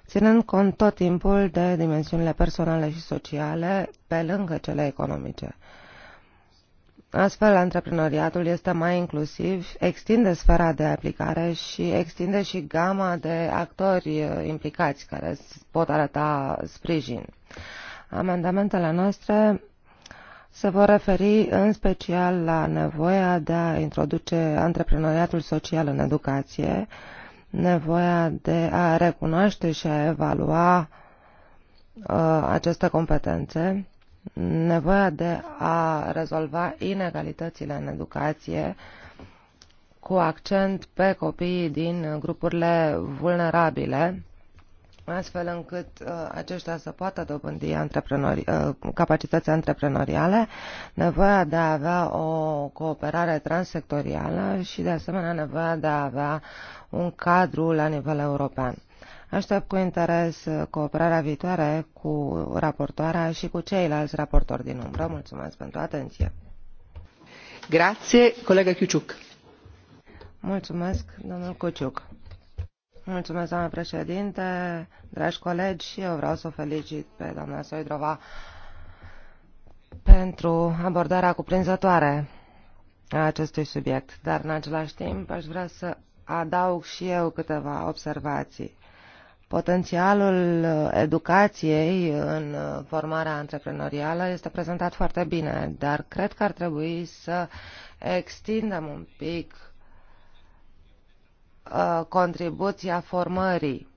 ținând cont tot timpul de dimensiunile personale și sociale pe lângă cele economice. Astfel, antreprenoriatul este mai inclusiv, extinde sfera de aplicare și extinde și gama de actori uh, implicați care pot arăta sprijin. Amendamentele noastre se vor referi în special la nevoia de a introduce antreprenoriatul social în educație, nevoia de a recunoaște și a evalua uh, aceste competențe, nevoia de a rezolva inegalitățile în educație cu accent pe copiii din grupurile vulnerabile, astfel încât uh, aceștia să poată dobândi antreprenori, uh, capacități antreprenoriale, nevoia de a avea o cooperare transsectorială și, de asemenea, nevoia de a avea un cadru la nivel european. Aștept cu interes uh, cooperarea viitoare cu raportoarea și cu ceilalți raportori din umbră. Mulțumesc pentru atenție. Grație, colegă Chiuciuc. Mulțumesc, domnul Cuciuc. Mulțumesc, doamnă președinte, dragi colegi, și eu vreau să o felicit pe doamna Soidrova pentru abordarea cuprinzătoare a acestui subiect, dar în același timp aș vrea să adaug și eu câteva observații. Potențialul uh, educației în uh, formarea antreprenorială este prezentat foarte bine, dar cred că ar trebui să extindem un pic uh, contribuția formării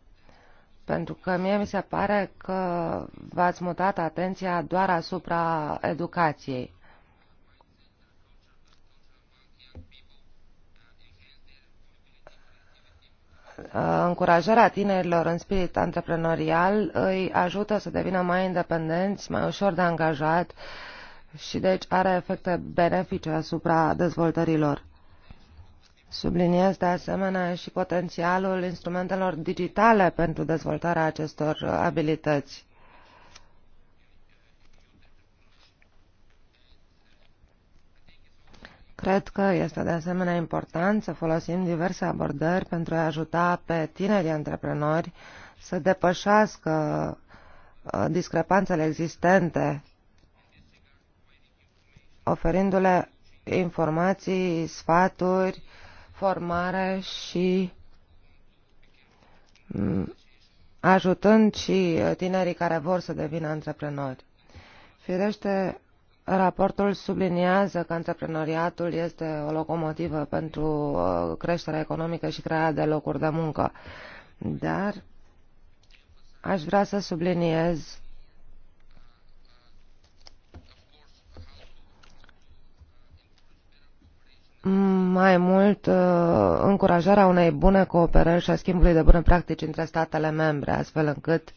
pentru că mie mi se pare că v-ați mutat atenția doar asupra educației. Uh, încurajarea tinerilor în spirit antreprenorial îi ajută să devină mai independenți, mai ușor de angajat și deci are efecte benefice asupra dezvoltărilor. Subliniez de asemenea și potențialul instrumentelor digitale pentru dezvoltarea acestor abilități Cred că este de asemenea important să folosim diverse abordări pentru a ajuta pe tinerii antreprenori să depășească uh, discrepanțele existente, oferindu-le informații, sfaturi, formare și mm, ajutând și uh, tinerii care vor să devină antreprenori. Firește, Raportul subliniază că antreprenoriatul este o locomotivă pentru uh, creșterea economică și crearea de locuri de muncă. Dar aș vrea să subliniez mai mult uh, încurajarea unei bune cooperări și a schimbului de bune practici între statele membre, astfel încât uh,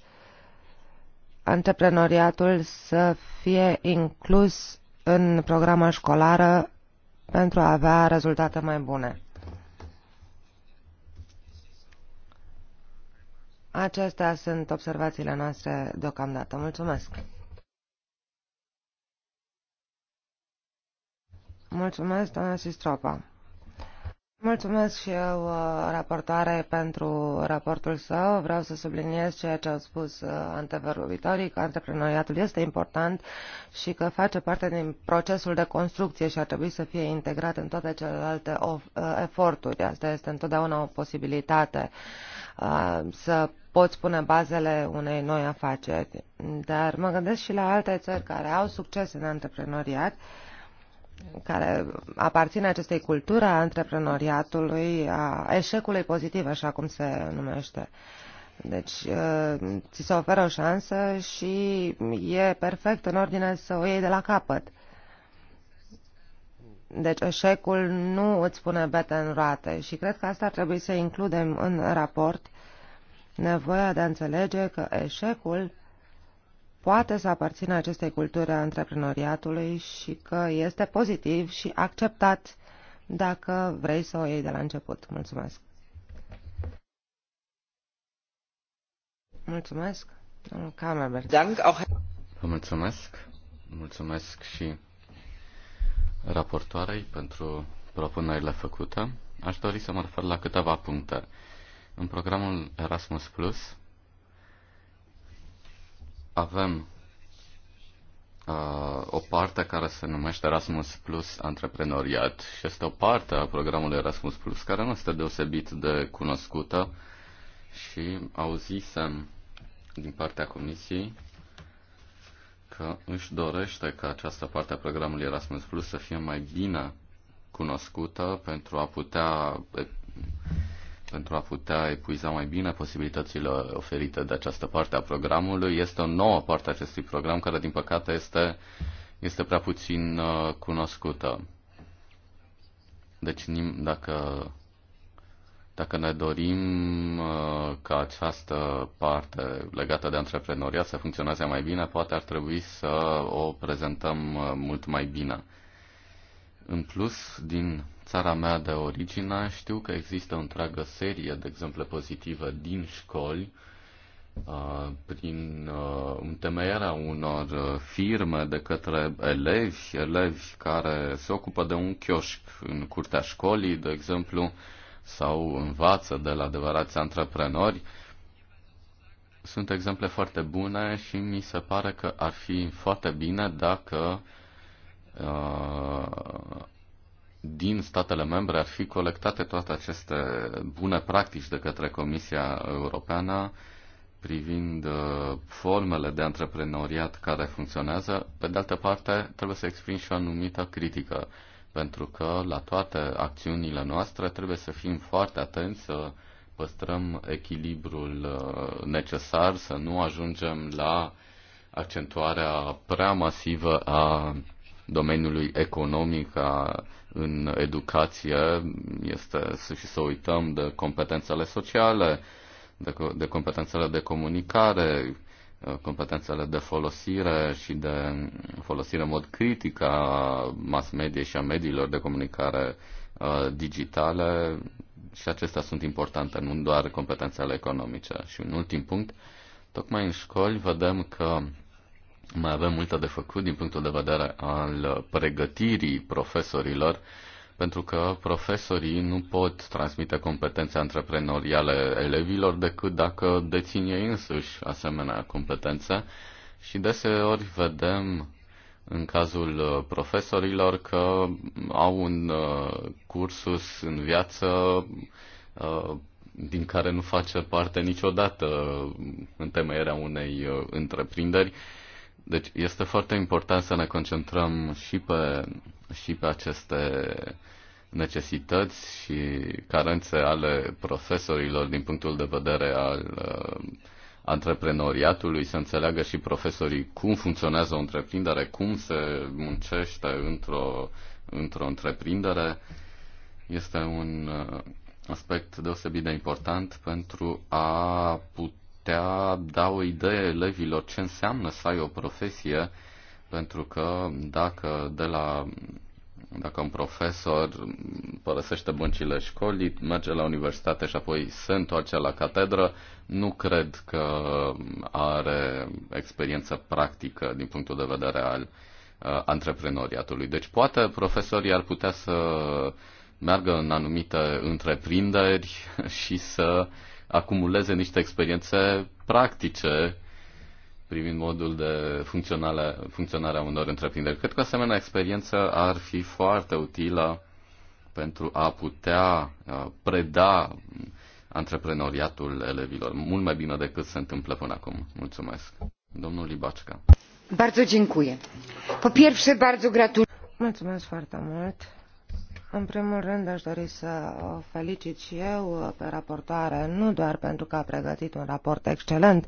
antreprenoriatul să fie inclus în programa școlară pentru a avea rezultate mai bune. Acestea sunt observațiile noastre deocamdată. Mulțumesc! Mulțumesc, doamna Sistropa! Mulțumesc și eu, uh, raportoare, pentru raportul său. Vreau să subliniez ceea ce au spus uh, antevorbitorii, că antreprenoriatul este important și că face parte din procesul de construcție și ar trebui să fie integrat în toate celelalte uh, eforturi. Asta este întotdeauna o posibilitate să poți pune bazele unei noi afaceri. Dar mă gândesc și la alte țări care au succes în antreprenoriat care aparține acestei culturi a antreprenoriatului, a eșecului pozitiv, așa cum se numește. Deci, ă, ți se oferă o șansă și e perfect în ordine să o iei de la capăt. Deci eșecul nu îți pune bete în roate și cred că asta ar trebui să includem în raport nevoia de a înțelege că eșecul poate să aparțină acestei culturi a antreprenoriatului și că este pozitiv și acceptat dacă vrei să o iei de la început. Mulțumesc! Mulțumesc, Vă mulțumesc. Mulțumesc și raportoarei pentru propunerile făcute. Aș dori să mă refer la câteva puncte. În programul Erasmus Plus avem uh, o parte care se numește Erasmus Plus Antreprenoriat și este o parte a programului Erasmus Plus care nu este deosebit de cunoscută și auzisem din partea Comisiei că își dorește ca această parte a programului Erasmus Plus să fie mai bine cunoscută pentru a putea pentru a putea epuiza mai bine posibilitățile oferite de această parte a programului. Este o nouă parte a acestui program care, din păcate, este, este prea puțin uh, cunoscută. Deci, dacă, dacă ne dorim uh, ca această parte legată de antreprenoriat să funcționeze mai bine, poate ar trebui să o prezentăm uh, mult mai bine. În plus, din țara mea de origine, știu că există o întreagă serie de exemple pozitive din școli uh, prin uh, întemeierea unor uh, firme de către elevi, elevi care se ocupă de un chioșc în curtea școlii, de exemplu, sau învață de la adevărați antreprenori. Sunt exemple foarte bune și mi se pare că ar fi foarte bine dacă din statele membre ar fi colectate toate aceste bune practici de către Comisia Europeană privind uh, formele de antreprenoriat care funcționează, pe de altă parte trebuie să exprim și o anumită critică, pentru că la toate acțiunile noastre trebuie să fim foarte atenți să păstrăm echilibrul uh, necesar, să nu ajungem la accentuarea prea masivă a domeniului economic, a, în educație, este și să uităm de competențele sociale, de, de competențele de comunicare, competențele de folosire și de folosire în mod critic a mass media și a mediilor de comunicare digitale și acestea sunt importante, nu doar competențele economice. Și un ultim punct, tocmai în școli vedem că mai avem multe de făcut din punctul de vedere al pregătirii profesorilor, pentru că profesorii nu pot transmite competențe antreprenoriale elevilor decât dacă dețin ei însuși asemenea competențe și deseori vedem în cazul profesorilor că au un uh, cursus în viață uh, din care nu face parte niciodată întemeierea unei uh, întreprinderi deci este foarte important să ne concentrăm și pe, și pe aceste necesități și carențe ale profesorilor din punctul de vedere al uh, antreprenoriatului, să înțeleagă și profesorii cum funcționează o întreprindere, cum se muncește într-o, într-o întreprindere. Este un uh, aspect deosebit de important pentru a putea putea da o idee elevilor ce înseamnă să ai o profesie, pentru că dacă de la dacă un profesor părăsește băncile școlii, merge la universitate și apoi se întoarce la catedră, nu cred că are experiență practică din punctul de vedere al uh, antreprenoriatului. Deci poate profesorii ar putea să meargă în anumite întreprinderi și să uh, acumuleze niște experiențe practice privind modul de funcționare, funcționarea unor întreprinderi. Cred că asemenea experiență ar fi foarte utilă pentru a putea uh, preda antreprenoriatul elevilor, mult mai bine decât se întâmplă până acum. Mulțumesc. Domnul Libacca. Bardzo dziękuję. Po pierwsze, bardzo gratuluję. Mulțumesc foarte mult. În primul rând aș dori să o felicit și eu pe raportoare, nu doar pentru că a pregătit un raport excelent,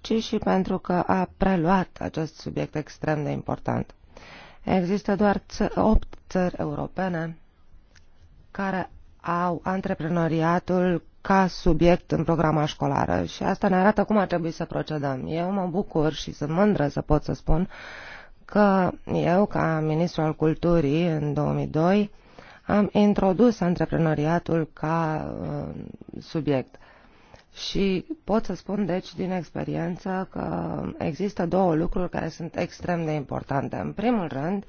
ci și pentru că a preluat acest subiect extrem de important. Există doar 8 țări europene care au antreprenoriatul ca subiect în programa școlară și asta ne arată cum ar trebui să procedăm. Eu mă bucur și sunt mândră să pot să spun că eu, ca ministru al culturii în 2002, am introdus antreprenoriatul ca uh, subiect. Și pot să spun, deci, din experiență că există două lucruri care sunt extrem de importante. În primul rând,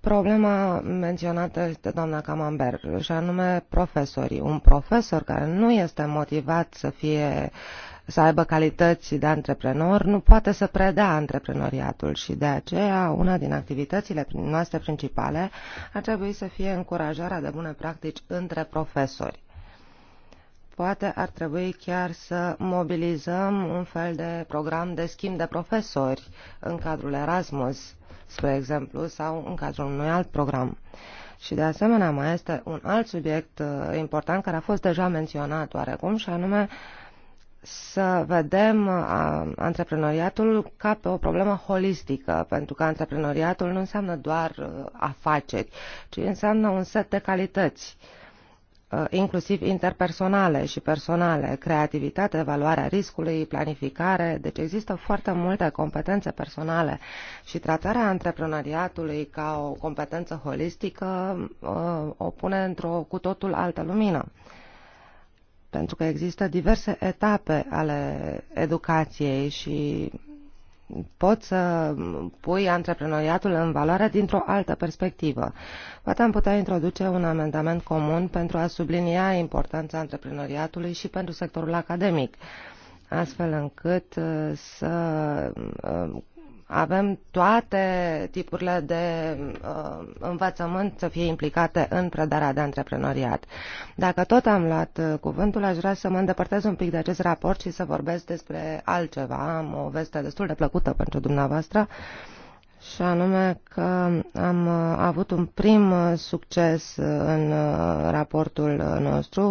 problema menționată de doamna Camambert, și anume profesorii. Un profesor care nu este motivat să fie uh, să aibă calități de antreprenor, nu poate să predea antreprenoriatul și de aceea una din activitățile noastre principale ar trebui să fie încurajarea de bune practici între profesori poate ar trebui chiar să mobilizăm un fel de program de schimb de profesori în cadrul Erasmus, spre exemplu, sau în cadrul unui alt program. Și de asemenea mai este un alt subiect uh, important care a fost deja menționat oarecum și anume uh, să vedem uh, antreprenoriatul ca pe o problemă holistică, pentru că antreprenoriatul nu înseamnă doar uh, afaceri, ci înseamnă un set de calități, uh, inclusiv interpersonale și personale, creativitate, evaluarea riscului, planificare, deci există foarte multe competențe personale și tratarea antreprenoriatului ca o competență holistică o pune într-o cu totul altă lumină pentru că există diverse etape ale educației și poți să pui antreprenoriatul în valoare dintr-o altă perspectivă. Poate am putea introduce un amendament comun pentru a sublinia importanța antreprenoriatului și pentru sectorul academic, astfel încât uh, să uh, avem toate tipurile de uh, învățământ să fie implicate în predarea de antreprenoriat. Dacă tot am luat uh, cuvântul, aș vrea să mă îndepărtez un pic de acest raport și să vorbesc despre altceva. Am o veste destul de plăcută pentru dumneavoastră. și anume că am uh, avut un prim uh, succes uh, în raportul nostru.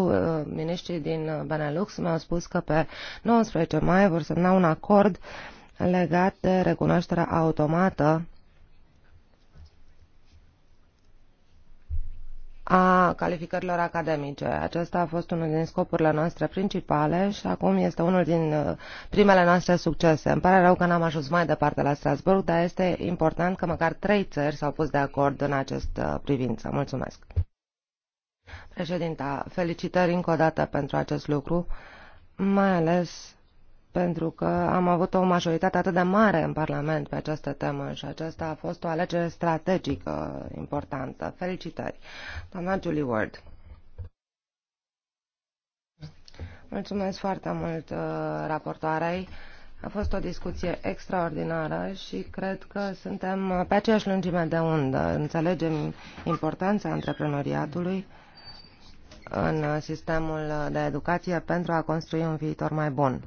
Miniștrii din Benelux mi-au spus că pe 19 mai vor semna un acord uh, legat de recunoașterea automată a calificărilor academice. Acesta a fost unul din scopurile noastre principale și acum este unul din uh, primele noastre succese. Îmi pare rău că n-am ajuns mai departe la Strasburg, dar este important că măcar trei țări s-au pus de acord în acest uh, privință. Mulțumesc! Președinta, felicitări încă o dată pentru acest lucru, mai ales pentru că am avut o majoritate atât de mare în Parlament pe această temă și aceasta a fost o alegere strategică importantă. Felicitări. Doamna Julie Ward. Mulțumesc foarte mult uh, raportoarei. A fost o discuție extraordinară și cred că suntem pe aceeași lungime de undă. Înțelegem importanța antreprenoriatului în sistemul de educație pentru a construi un viitor mai bun.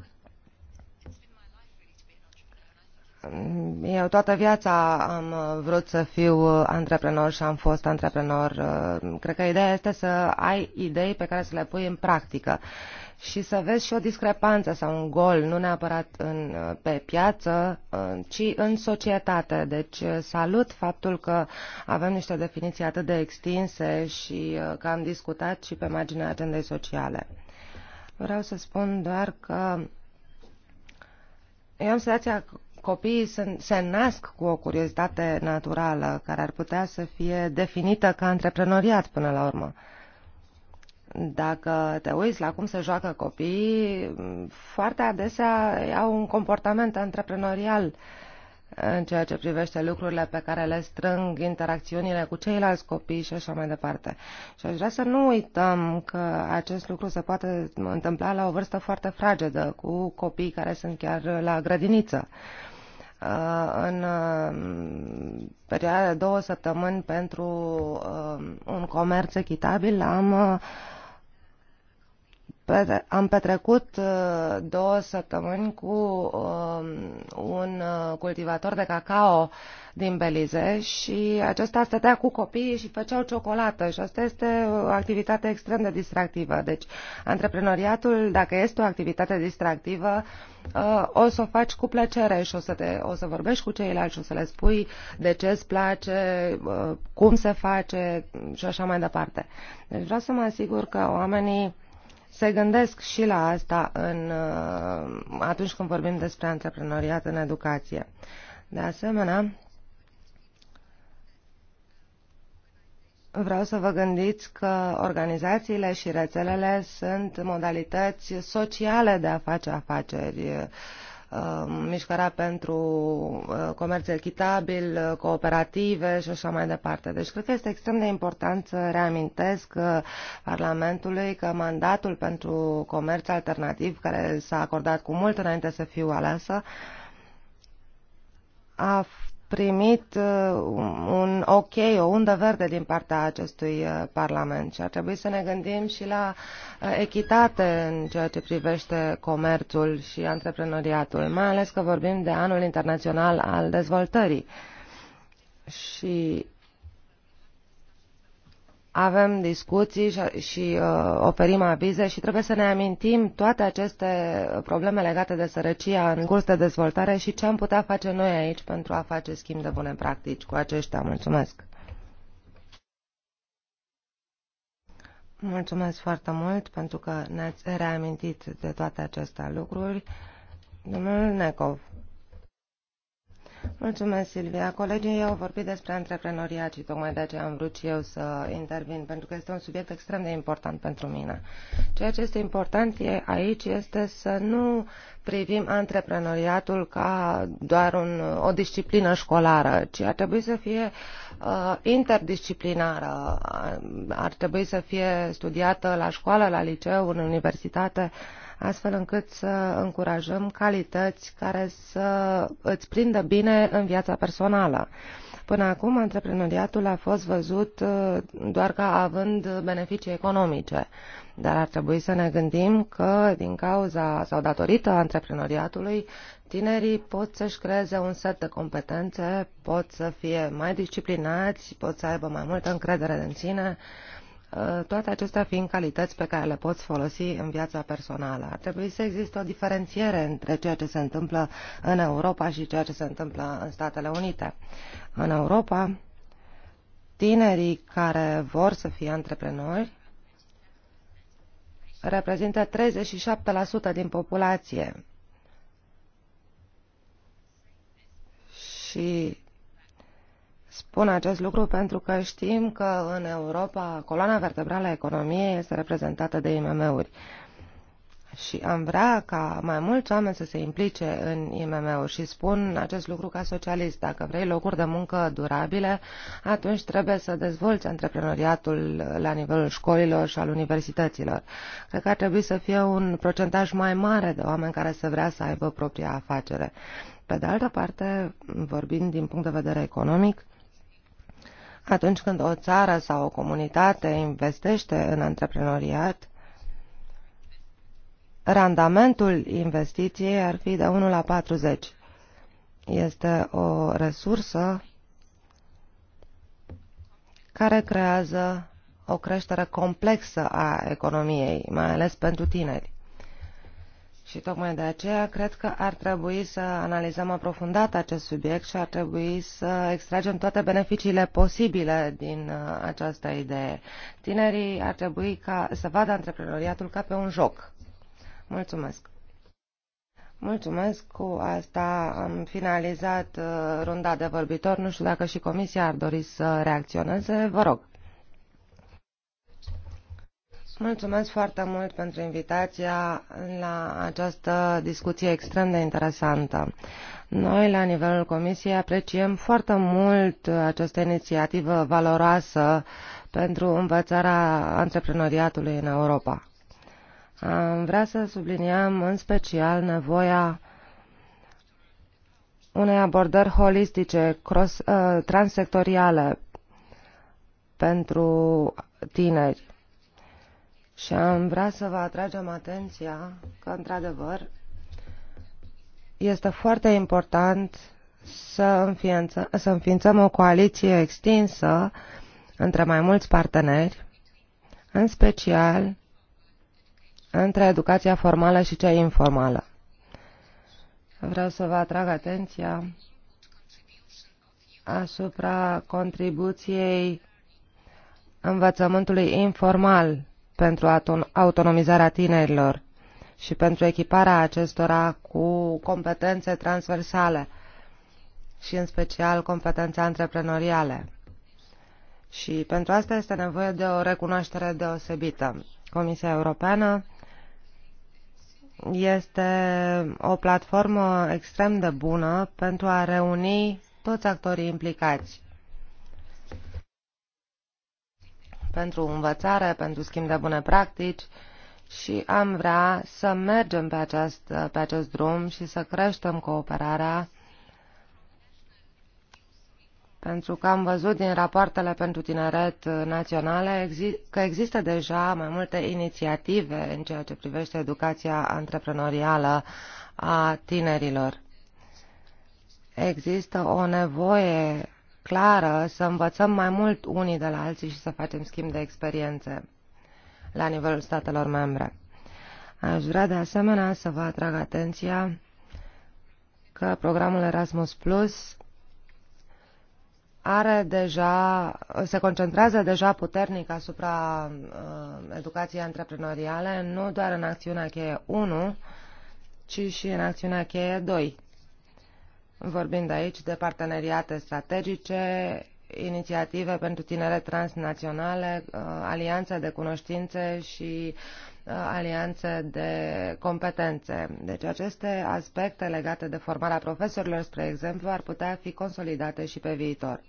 eu toată viața am uh, vrut să fiu uh, antreprenor și am fost antreprenor. Uh, cred că ideea este să ai idei pe care să le pui în practică și să vezi și o discrepanță sau un gol, nu neapărat în, pe piață, ci în societate. Deci salut faptul că avem niște definiții atât de extinse și că am discutat și pe marginea agendei sociale. Vreau să spun doar că eu am senzația copiii sunt, se nasc cu o curiozitate naturală care ar putea să fie definită ca antreprenoriat până la urmă. Dacă te uiți la cum se joacă copiii, foarte adesea au un comportament antreprenorial în ceea ce privește lucrurile pe care le strâng, interacțiunile cu ceilalți copii și așa mai departe. Și aș vrea să nu uităm că acest lucru se poate întâmpla la o vârstă foarte fragedă, cu copii care sunt chiar la grădiniță. Uh, Uh, în uh, perioada de două săptămâni pentru uh, un comerț echitabil am am petrecut uh, două săptămâni cu um, un uh, cultivator de cacao din Belize și acesta stătea cu copiii și făceau ciocolată și asta este o activitate extrem de distractivă. Deci, antreprenoriatul, dacă este o activitate distractivă, uh, o să o faci cu plăcere și o să, te, o să vorbești cu ceilalți și o să le spui de ce îți place, cum se face și așa mai departe. Deci vreau să mă asigur că oamenii se gândesc și la asta în, uh, atunci când vorbim despre antreprenoriat în educație. De asemenea, vreau să vă gândiți că organizațiile și rețelele sunt modalități sociale de a face afaceri uh, Uh, mișcarea pentru uh, comerț echitabil, uh, cooperative și așa mai departe. Deci cred că este extrem de important să reamintesc Parlamentului că mandatul pentru comerț alternativ, care s-a acordat cu mult înainte să fiu aleasă, a primit uh, un ok, o undă verde din partea acestui uh, Parlament și ar trebui să ne gândim și la uh, echitate în ceea ce privește comerțul și antreprenoriatul, mai ales că vorbim de anul internațional al dezvoltării. Și avem discuții și, și uh, oferim avize și trebuie să ne amintim toate aceste probleme legate de sărăcia în curs de dezvoltare și ce am putea face noi aici pentru a face schimb de bune practici cu aceștia. Mulțumesc! Mulțumesc foarte mult pentru că ne-ați reamintit de toate aceste lucruri. Domnul Necov. Mulțumesc, Silvia. Colegii au vorbit despre antreprenoriat și tocmai de aceea am vrut și eu să intervin, pentru că este un subiect extrem de important pentru mine. Ceea ce este important e, aici este să nu privim antreprenoriatul ca doar un, o disciplină școlară, ci ar trebui să fie uh, interdisciplinară, ar trebui să fie studiată la școală, la liceu, în universitate. Uh, astfel încât să încurajăm calități care să îți prindă bine în viața personală. Până acum, antreprenoriatul a fost văzut uh, doar ca având beneficii economice, dar ar trebui să ne gândim că din cauza sau datorită antreprenoriatului, tinerii pot să-și creeze un set de competențe, pot să fie mai disciplinați, pot să aibă mai multă încredere în sine, Uh, toate acestea fiind calități pe care le poți folosi în viața personală. Ar trebui să existe o diferențiere între ceea ce se întâmplă în Europa și ceea ce se întâmplă în Statele Unite. În Europa, tinerii care vor să fie antreprenori reprezintă 37% din populație. Și Spun acest lucru pentru că știm că în Europa coloana vertebrală a economiei este reprezentată de IMM-uri. Și am vrea ca mai mulți oameni să se implice în IMM-uri și spun acest lucru ca socialist. Dacă vrei locuri de muncă durabile, atunci trebuie să dezvolți antreprenoriatul la nivelul școlilor și al universităților. Cred că ar trebui să fie un procentaj mai mare de oameni care să vrea să aibă propria afacere. Pe de altă parte, vorbind din punct de vedere economic, atunci când o țară sau o comunitate investește în antreprenoriat, randamentul investiției ar fi de 1 la 40. Este o resursă care creează o creștere complexă a economiei, mai ales pentru tineri. Și tocmai de aceea cred că ar trebui să analizăm aprofundat acest subiect și ar trebui să extragem toate beneficiile posibile din uh, această idee. Tinerii ar trebui ca să vadă antreprenoriatul ca pe un joc. Mulțumesc! Mulțumesc, cu asta am finalizat uh, runda de vorbitor. Nu știu dacă și comisia ar dori să reacționeze. Vă rog. Mulțumesc foarte mult pentru invitația la această discuție extrem de interesantă. Noi, la nivelul Comisiei, apreciem foarte mult această inițiativă valoroasă pentru învățarea antreprenoriatului în Europa. Am vrea să subliniem în special nevoia unei abordări holistice, cross, uh, transsectoriale pentru tineri și am vrea să vă atragem atenția că, într-adevăr, este foarte important să, înființă, să înființăm o coaliție extinsă între mai mulți parteneri, în special între educația formală și cea informală. Vreau să vă atrag atenția asupra contribuției învățământului informal pentru autonomizarea tinerilor și pentru echiparea acestora cu competențe transversale și în special competențe antreprenoriale. Și pentru asta este nevoie de o recunoaștere deosebită. Comisia Europeană este o platformă extrem de bună pentru a reuni toți actorii implicați pentru învățare, pentru schimb de bune practici și am vrea să mergem pe acest, pe acest drum și să creștem cooperarea pentru că am văzut din rapoartele pentru tineret naționale că există deja mai multe inițiative în ceea ce privește educația antreprenorială a tinerilor. Există o nevoie clară, să învățăm mai mult unii de la alții și să facem schimb de experiențe la nivelul statelor membre. Aș vrea de asemenea să vă atrag atenția că programul Erasmus Plus are deja, se concentrează deja puternic asupra uh, educației antreprenoriale, nu doar în acțiunea cheie 1, ci și în acțiunea cheie 2 vorbind aici de parteneriate strategice, inițiative pentru tinere transnaționale, uh, alianțe de cunoștințe și uh, alianțe de competențe. Deci aceste aspecte legate de formarea profesorilor, spre exemplu, ar putea fi consolidate și pe viitor.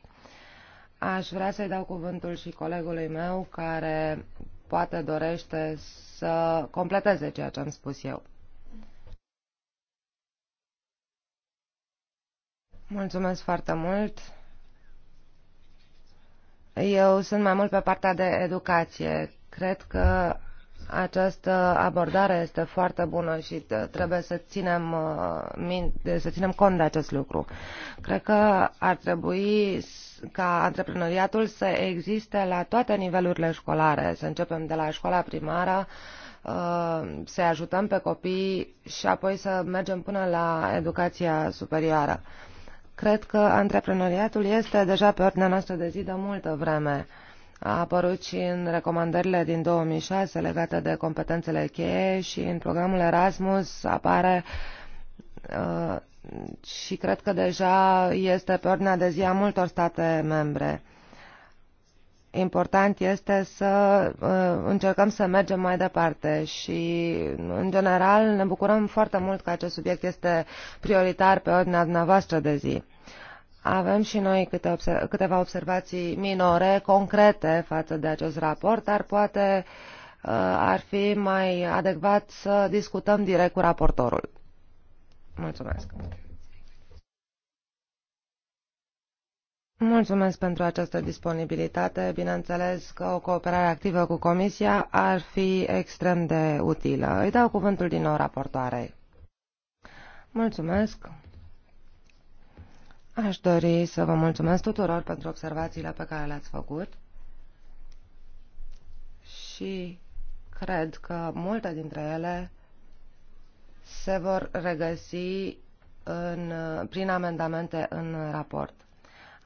Aș vrea să-i dau cuvântul și colegului meu care poate dorește să completeze ceea ce am spus eu. Mulțumesc foarte mult. Eu sunt mai mult pe partea de educație. Cred că această abordare este foarte bună și trebuie să ținem, uh, să ținem cont de acest lucru. Cred că ar trebui ca antreprenoriatul să existe la toate nivelurile școlare. Să începem de la școala primară, uh, să ajutăm pe copii și apoi să mergem până la educația superioară. Cred că antreprenoriatul este deja pe ordinea noastră de zi de multă vreme. A apărut și în recomandările din 2006 legate de competențele cheie și în programul Erasmus apare uh, și cred că deja este pe ordinea de zi a multor state membre important este să uh, încercăm să mergem mai departe și, în general, ne bucurăm foarte mult că acest subiect este prioritar pe ordinea dumneavoastră de zi. Avem și noi câte observ câteva observații minore, concrete față de acest raport, dar poate uh, ar fi mai adecvat să discutăm direct cu raportorul. Mulțumesc. Mulțumesc pentru această disponibilitate. Bineînțeles că o cooperare activă cu Comisia ar fi extrem de utilă. Îi dau cuvântul din nou raportoarei. Mulțumesc. Aș dori să vă mulțumesc tuturor pentru observațiile pe care le-ați făcut și cred că multe dintre ele se vor regăsi în, prin amendamente în raport.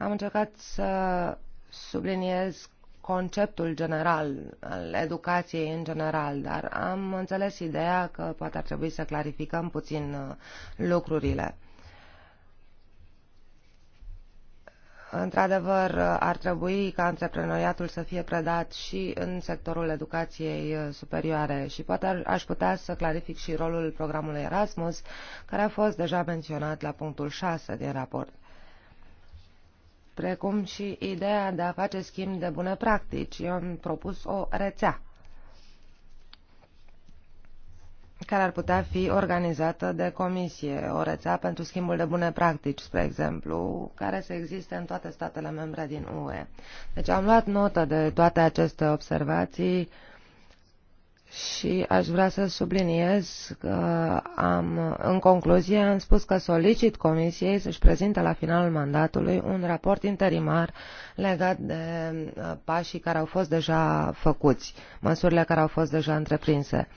Am încercat să subliniez conceptul general al educației în general, dar am înțeles ideea că poate ar trebui să clarificăm puțin uh, lucrurile. Într-adevăr, uh, ar trebui ca antreprenoriatul să fie predat și în sectorul educației uh, superioare și poate aș putea să clarific și rolul programului Erasmus, care a fost deja menționat la punctul 6 din raport precum și ideea de a face schimb de bune practici. Eu am propus o rețea care ar putea fi organizată de comisie, o rețea pentru schimbul de bune practici, spre exemplu, care să existe în toate statele membre din UE. Deci am luat notă de toate aceste observații și aș vrea să subliniez că am, în concluzie am spus că solicit Comisiei să-și prezinte la finalul mandatului un raport interimar legat de uh, pașii care au fost deja făcuți, măsurile care au fost deja întreprinse.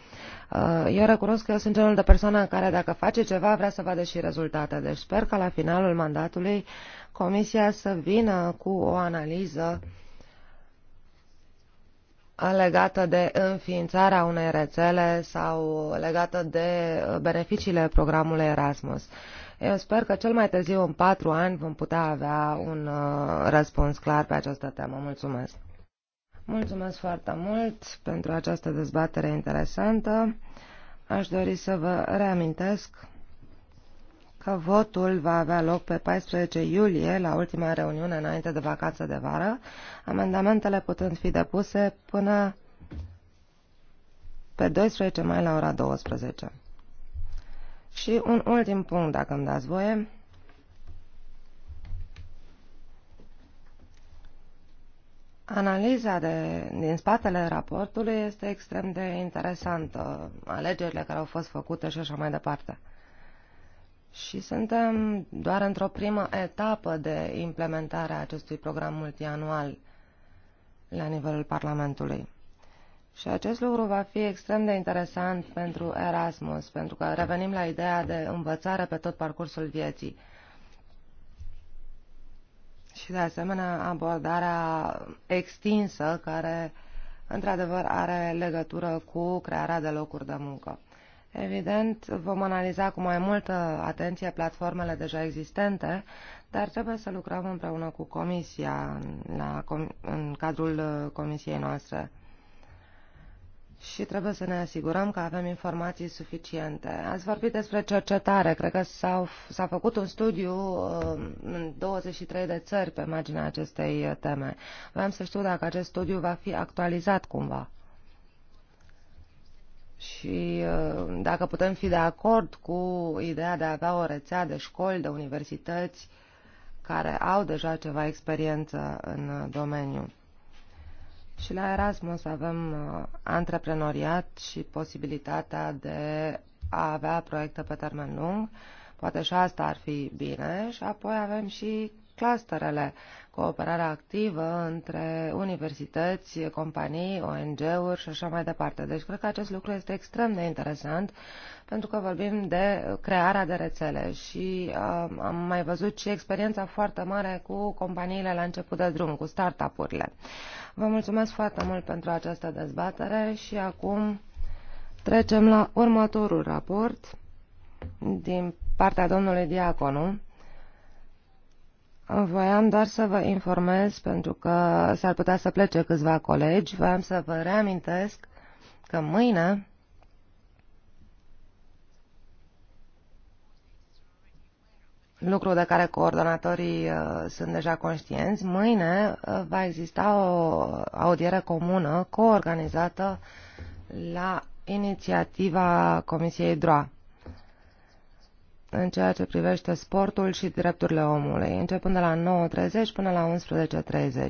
Uh, eu recunosc că eu sunt genul de persoană care dacă face ceva vrea să vadă și rezultate, deci sper că la finalul mandatului Comisia să vină cu o analiză uh, legată de înființarea unei rețele sau legată de beneficiile programului Erasmus. Eu sper că cel mai târziu, în patru ani, vom putea avea un uh, răspuns clar pe această temă. Mulțumesc! Mulțumesc foarte mult pentru această dezbatere interesantă. Aș dori să vă reamintesc că votul va avea loc pe 14 iulie, la ultima reuniune înainte de vacanță de vară, amendamentele putând fi depuse până pe 12 mai la ora 12. Și un ultim punct, dacă îmi dați voie. Analiza de, din spatele raportului este extrem de interesantă, alegerile care au fost făcute și așa mai departe și suntem doar într-o primă etapă de implementare a acestui program multianual la nivelul Parlamentului. Și acest lucru va fi extrem de interesant pentru Erasmus, pentru că revenim la ideea de învățare pe tot parcursul vieții. Și de asemenea abordarea extinsă care într-adevăr are legătură cu crearea de locuri de muncă. Evident, vom analiza cu mai multă atenție platformele deja existente, dar trebuie să lucrăm împreună cu Comisia la, în cadrul uh, Comisiei noastre. Și trebuie să ne asigurăm că avem informații suficiente. Ați vorbit despre cercetare. Cred că s-a făcut un studiu uh, în 23 de țări pe marginea acestei uh, teme. Vreau să știu dacă acest studiu va fi actualizat cumva. Și uh, dacă putem fi de acord cu ideea de a avea o rețea de școli, de universități care au deja ceva experiență în uh, domeniu. Și la Erasmus avem uh, antreprenoriat și posibilitatea de a avea proiecte pe termen lung. Poate și asta ar fi bine. Și apoi avem și clusterele, cooperarea activă între universități, companii, ONG-uri și așa mai departe. Deci cred că acest lucru este extrem de interesant pentru că vorbim de crearea de rețele și uh, am mai văzut și experiența foarte mare cu companiile la început de drum, cu startup-urile. Vă mulțumesc foarte mult pentru această dezbatere și acum trecem la următorul raport din partea domnului Diaconu Voiam doar să vă informez, pentru că s-ar putea să plece câțiva colegi, voiam să vă reamintesc că mâine lucru de care coordonatorii uh, sunt deja conștienți, mâine uh, va exista o audiere comună coorganizată la inițiativa Comisiei DROA în ceea ce privește sportul și drepturile omului, începând de la 9.30 până la 11.30.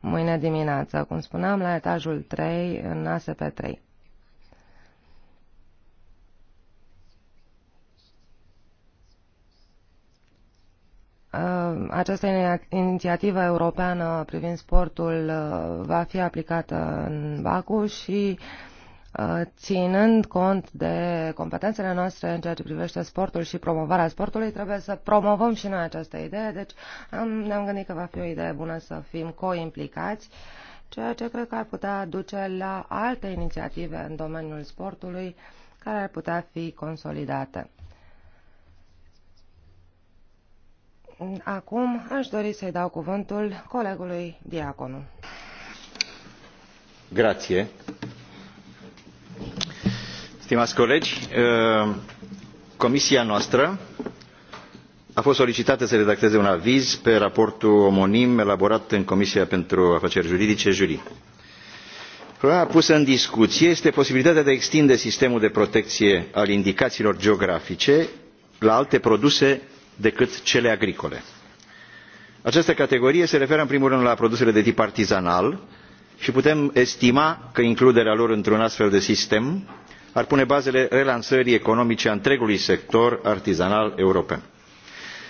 Mâine dimineață, cum spuneam, la etajul 3 în ASP 3. Uh, această inițiativă europeană privind sportul uh, va fi aplicată în Baku și uh, Uh, ținând cont de competențele noastre în ceea ce privește sportul și promovarea sportului, trebuie să promovăm și noi această idee. Deci am, ne-am gândit că va fi o idee bună să fim co-implicați, ceea ce cred că ar putea duce la alte inițiative în domeniul sportului care ar putea fi consolidate. Acum aș dori să-i dau cuvântul colegului Diaconu. Grație stimați colegi uh, comisia noastră a fost solicitată să redacteze un aviz pe raportul omonim elaborat în comisia pentru afaceri juridice juri. problema pusă în discuție este posibilitatea de a extinde sistemul de protecție al indicațiilor geografice la alte produse decât cele agricole. această categorie se referă în primul rând la produsele de tip artizanal și putem estima că includerea lor într un astfel de sistem ar pune bazele relansării economice a întregului sector artizanal european.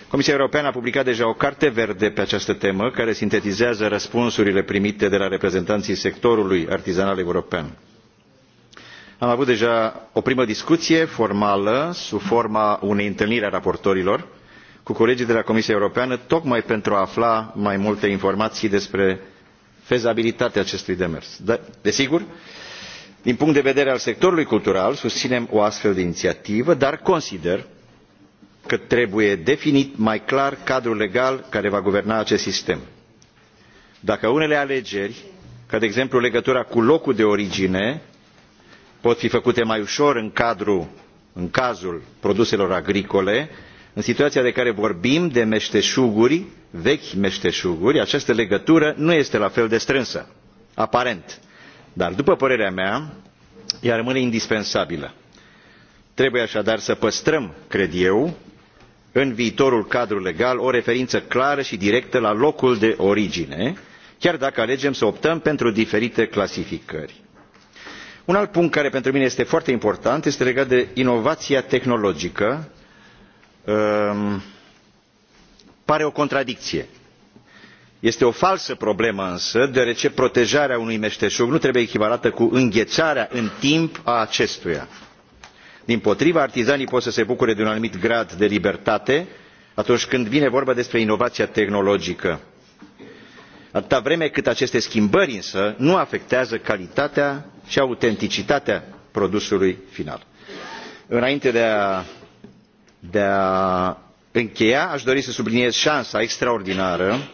Comisia Europeană a publicat deja o carte verde pe această temă, care sintetizează răspunsurile primite de la reprezentanții sectorului artizanal european. Am avut deja o primă discuție formală, sub forma unei întâlniri a raportorilor, cu colegii de la Comisia Europeană, tocmai pentru a afla mai multe informații despre fezabilitatea acestui demers. Da, desigur, din punct de vedere al sectorului cultural susținem o astfel de inițiativă dar consider că trebuie definit mai clar cadrul legal care va guverna acest sistem. dacă unele alegeri ca de exemplu legătura cu locul de origine pot fi făcute mai ușor în, cadrul, în cazul produselor agricole în situația de care vorbim de meșteșuguri vechi meșteșuguri această legătură nu este la fel de strânsă aparent dar, după părerea mea, ea rămâne indispensabilă. Trebuie așadar să păstrăm, cred eu, în viitorul cadru legal o referință clară și directă la locul de origine, chiar dacă alegem să optăm pentru diferite clasificări. Un alt punct care pentru mine este foarte important este legat de inovația tehnologică. Um, pare o contradicție este o falsă problemă însă deoarece protejarea unui meșteșug nu trebuie echivalată cu înghețarea în timp a acestuia. dimpotrivă artizanii pot să se bucure de un anumit grad de libertate atunci când vine vorba despre inovația tehnologică atâta vreme cât aceste schimbări însă nu afectează calitatea și autenticitatea produsului final. înainte de a, de a încheia aș dori să subliniez șansa extraordinară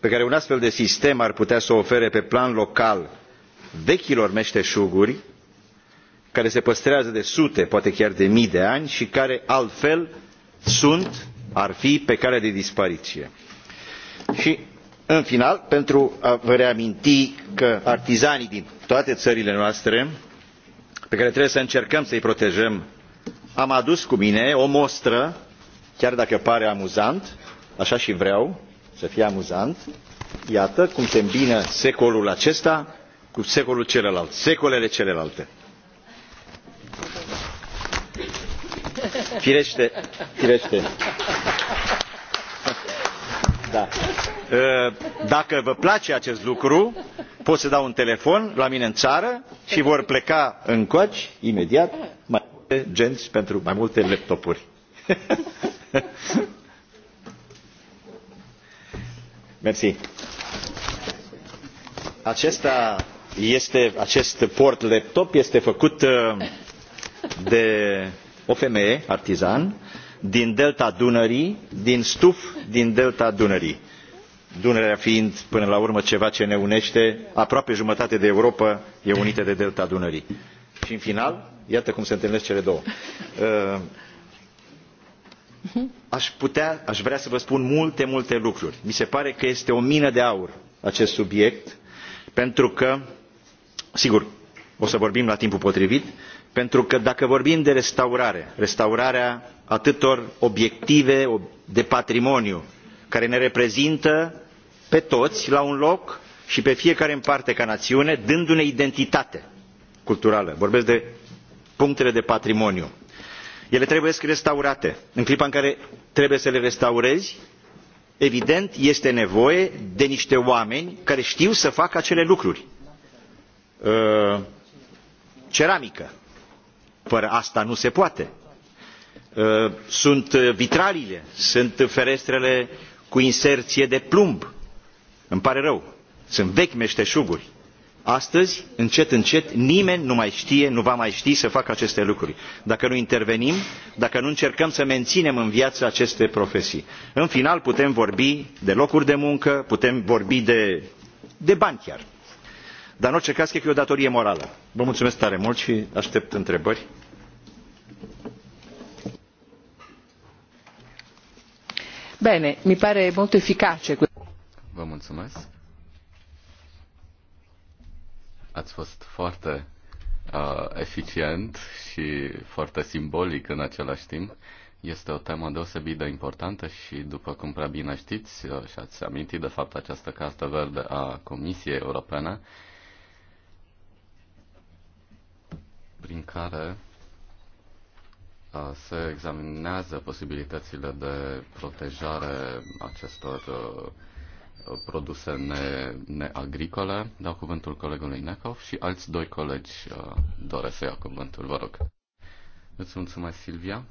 pe care un astfel de sistem ar putea să o ofere pe plan local vechilor meșteșuguri care se păstrează de sute, poate chiar de mii de ani și care altfel sunt, ar fi pe cale de dispariție. Și în final, pentru a vă reaminti că artizanii din toate țările noastre, pe care trebuie să încercăm să-i protejăm, am adus cu mine o mostră, chiar dacă pare amuzant, așa și vreau, să fie amuzant, iată cum se îmbină secolul acesta cu secolul celălalt, secolele celelalte. Firește, firește. Da. Ă, dacă vă place acest lucru, pot să dau un telefon la mine în țară și vor pleca în coci imediat mai multe genți pentru mai multe laptopuri. Mersi. Acesta este, acest port laptop este făcut uh, de o femeie, artizan, din delta Dunării, din stuf din delta Dunării. Dunărea fiind până la urmă ceva ce ne unește, aproape jumătate de Europa e unită de delta Dunării. Și în final, iată cum se întâlnesc cele două. Uh, Mhm. aș putea, aș vrea să vă spun multe, multe lucruri. Mi se pare că este o mină de aur acest subiect, pentru că, sigur, o să vorbim la timpul potrivit, pentru că dacă vorbim de restaurare, restaurarea atâtor obiective de patrimoniu care ne reprezintă pe toți la un loc și pe fiecare în parte ca națiune, dându-ne identitate culturală. Vorbesc de punctele de patrimoniu ele trebuie restaurate. în clipa în care trebuie să le restaurezi evident este nevoie de niște oameni care știu să facă acele lucruri. Ă, ceramică fără asta nu se poate. Ă, sunt vitraliile sunt ferestrele cu inserție de plumb îmi pare rău sunt vechi meșteșuguri Astăzi, încet, încet, nimeni nu mai știe, nu va mai ști să facă aceste lucruri. Dacă nu intervenim, dacă nu încercăm să menținem în viață aceste profesii. În final, putem vorbi de locuri de muncă, putem vorbi de, de bani chiar. Dar în orice caz, cred că e o datorie morală. Vă mulțumesc tare mult și aștept întrebări. Bine, mi pare mult eficace. Vă mulțumesc. Ați fost foarte uh, eficient și foarte simbolic în același timp. Este o temă deosebit de importantă și, după cum prea bine știți uh, și ați amintit, de fapt, această carte verde a Comisiei Europene, prin care uh, se examinează posibilitățile de protejare acestor uh, produse ne, neagricole. Dau cuvântul colegului Necov și alți doi colegi uh, doresc să ia cuvântul. Vă rog. Îți mulțumesc, Silvia.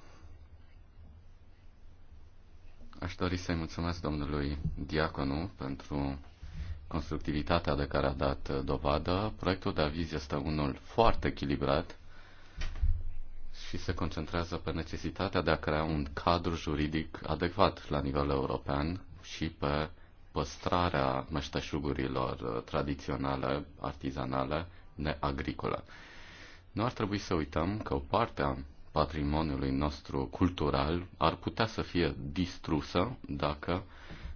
Aș dori să-i mulțumesc domnului Diaconu pentru constructivitatea de care a dat uh, dovadă. Proiectul de aviz este unul foarte echilibrat și se concentrează pe necesitatea de a crea un cadru juridic adecvat la nivel european și pe păstrarea meșteșugurilor uh, tradiționale, artizanale, neagricole. Nu ar trebui să uităm că o parte a patrimoniului nostru cultural ar putea să fie distrusă dacă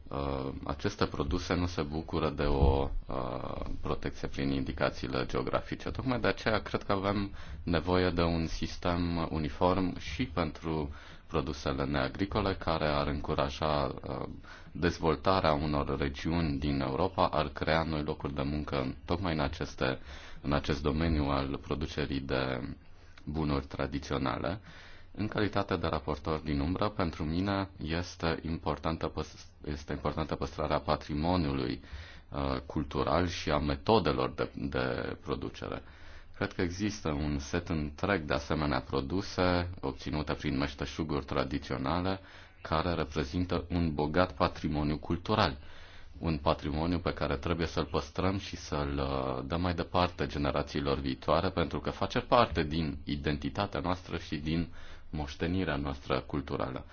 uh, aceste produse nu se bucură de o uh, protecție prin indicațiile geografice. Tocmai de aceea cred că avem nevoie de un sistem uniform și pentru uh, produsele neagricole, care ar încuraja uh, dezvoltarea unor regiuni din Europa, ar crea noi locuri de muncă tocmai în, aceste, în acest domeniu al producerii de bunuri tradiționale. În calitate de raportor din umbră, pentru mine este importantă, este importantă păstrarea patrimoniului uh, cultural și a metodelor de, de producere. Cred că există un set întreg de asemenea produse obținute prin meșteșuguri tradiționale care reprezintă un bogat patrimoniu cultural, un patrimoniu pe care trebuie să-l păstrăm și să-l uh, dăm mai departe generațiilor viitoare pentru că face parte din identitatea noastră și din moștenirea noastră culturală.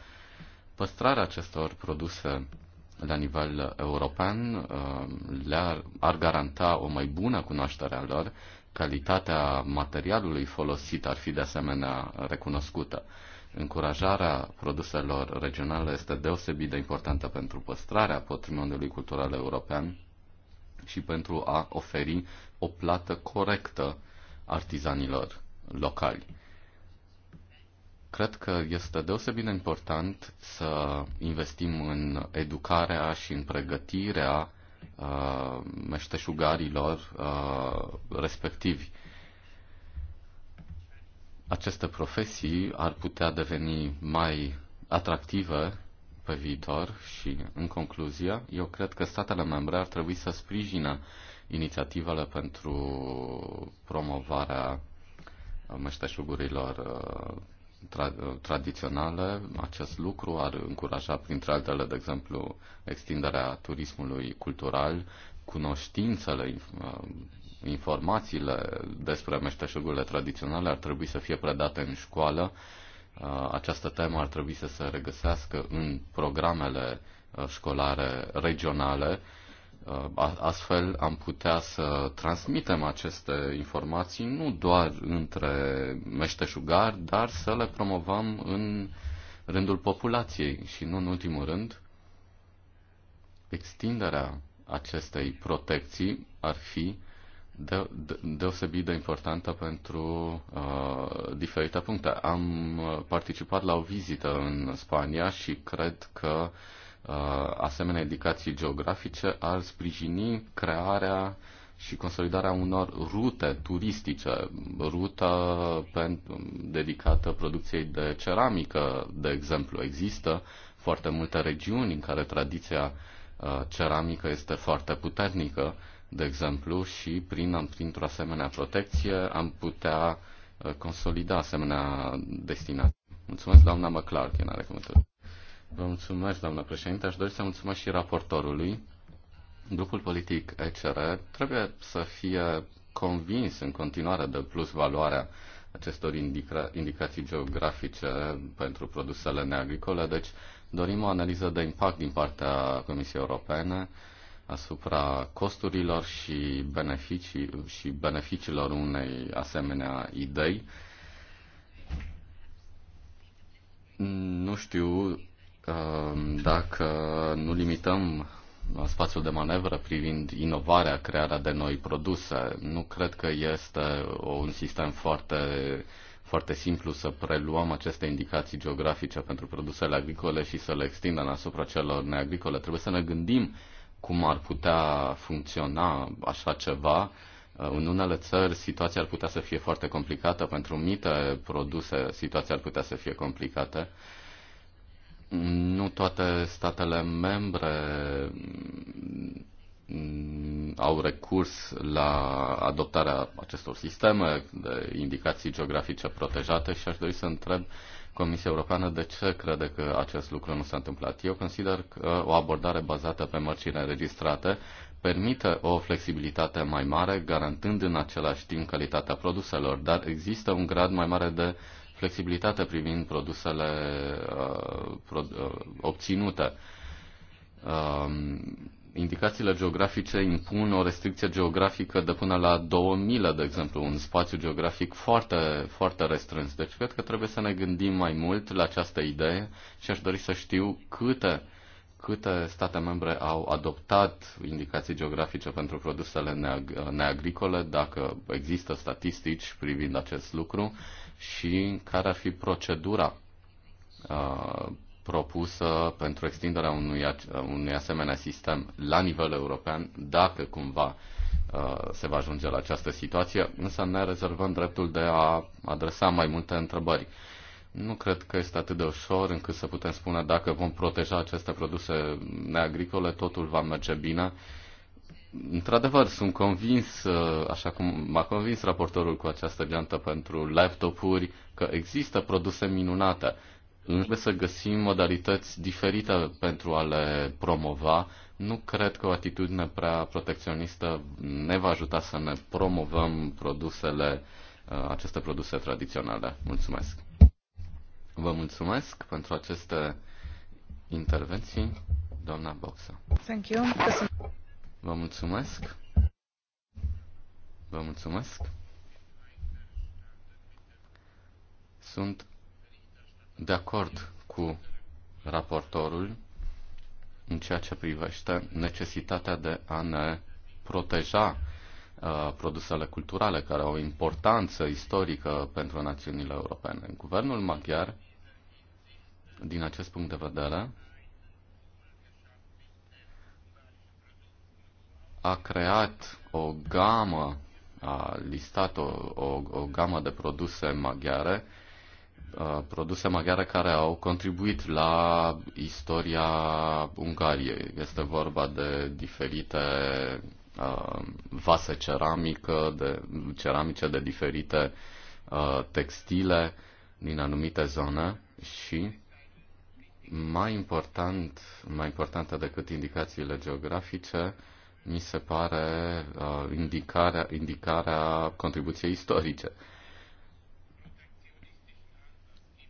Păstrarea acestor produse la nivel european uh, le-ar ar garanta o mai bună cunoaștere a lor calitatea materialului folosit ar fi de asemenea recunoscută. Încurajarea produselor regionale este deosebit de importantă pentru păstrarea patrimoniului cultural european și pentru a oferi o plată corectă artizanilor locali. Cred că este deosebit de important să investim în educarea și în pregătirea meșteșugarilor respectivi. Aceste profesii ar putea deveni mai atractive pe viitor și, în concluzie, eu cred că statele membre ar trebui să sprijină inițiativele pentru promovarea meșteșugurilor tra- tradiționale. Acest lucru ar încuraja, printre altele, de exemplu, extinderea turismului cultural, cunoștințele, uh, informațiile despre meșteșugurile tradiționale ar trebui să fie predate în școală. Uh, această temă ar trebui să se regăsească în programele uh, școlare regionale Astfel am putea să transmitem aceste informații nu doar între meșteșugari, dar să le promovăm în rândul populației și nu în ultimul rând extinderea acestei protecții ar fi de, de, deosebit de importantă pentru uh, diferite puncte. Am uh, participat la o vizită în Spania și cred că uh, Uh, asemenea indicații geografice ar sprijini crearea și consolidarea unor rute turistice, ruta dedicată producției de ceramică, de exemplu. Există foarte multe regiuni în care tradiția uh, ceramică este foarte puternică, de exemplu, și prin, printr-o asemenea protecție am putea uh, consolida asemenea destinații. Mulțumesc, doamna în are cuvântul. Vă mulțumesc, doamnă președinte. Aș dori să mulțumesc și raportorului. Grupul politic ECR trebuie să fie convins în continuare de plus valoarea acestor indica- indicații geografice pentru produsele neagricole, deci dorim o analiză de impact din partea Comisiei Europene asupra costurilor și, beneficii, și beneficiilor unei asemenea idei. Nu știu dacă nu limităm spațiul de manevră privind inovarea, crearea de noi produse, nu cred că este un sistem foarte, foarte simplu să preluăm aceste indicații geografice pentru produsele agricole și să le extindem asupra celor neagricole. Trebuie să ne gândim cum ar putea funcționa așa ceva. În unele țări situația ar putea să fie foarte complicată, pentru mite produse situația ar putea să fie complicată. Nu toate statele membre mm, au recurs la adoptarea acestor sisteme de indicații geografice protejate și aș dori să întreb Comisia Europeană de ce crede că acest lucru nu s-a întâmplat. Eu consider că o abordare bazată pe mărcile înregistrate permite o flexibilitate mai mare, garantând în același timp calitatea produselor, dar există un grad mai mare de uh, flexibilitate privind produsele uh, pro, uh, obținute. Uh, indicațiile geografice impun o restricție geografică de până la 2000, de exemplu, un spațiu geografic foarte, foarte restrâns. Deci cred că trebuie să ne gândim mai mult la această idee și aș dori să știu câte, câte state membre au adoptat indicații geografice pentru produsele neag- neagricole, dacă există statistici privind acest lucru și care ar fi procedura uh, propusă pentru extinderea unui, uh, unui asemenea sistem la nivel european, dacă cumva uh, se va ajunge la această situație, însă ne rezervăm dreptul de a adresa mai multe întrebări. Nu cred că este atât de ușor încât să putem spune dacă vom proteja aceste produse neagricole, totul va merge bine. Uh, Într-adevăr, sunt convins, uh, așa cum m-a convins raportorul cu această geantă pentru laptopuri, că există produse minunate. Trebuie să găsim modalități diferite pentru a le promova. Nu cred că o atitudine prea protecționistă ne va ajuta să ne promovăm produsele, uh, aceste produse tradiționale. Mulțumesc! Vă mulțumesc pentru aceste intervenții, doamna Boxa. Thank you. Vă mulțumesc. Vă mulțumesc. Sunt de acord cu raportorul în ceea ce privește necesitatea de a ne proteja uh, produsele culturale care au importanță istorică pentru națiunile europene. Guvernul maghiar, din acest punct de vedere, a creat o gamă, a listat o, o, o gamă de produse maghiare, produse maghiare care au contribuit la istoria Ungariei. Este vorba de diferite vase ceramică, de, ceramice de diferite textile din anumite zone și mai important, mai importantă decât indicațiile geografice, mi se pare uh, indicarea, indicarea contribuției istorice.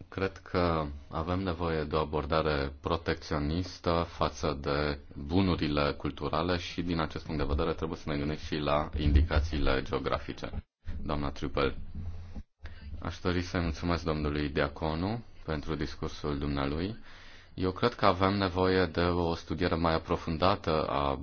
Cred că avem nevoie de o abordare protecționistă față de bunurile culturale și din acest punct de vedere trebuie să ne gândim și la indicațiile geografice. Doamna triple aș dori să mulțumesc domnului Diaconu pentru discursul dumnealui. Eu cred că avem nevoie de o studiere mai aprofundată a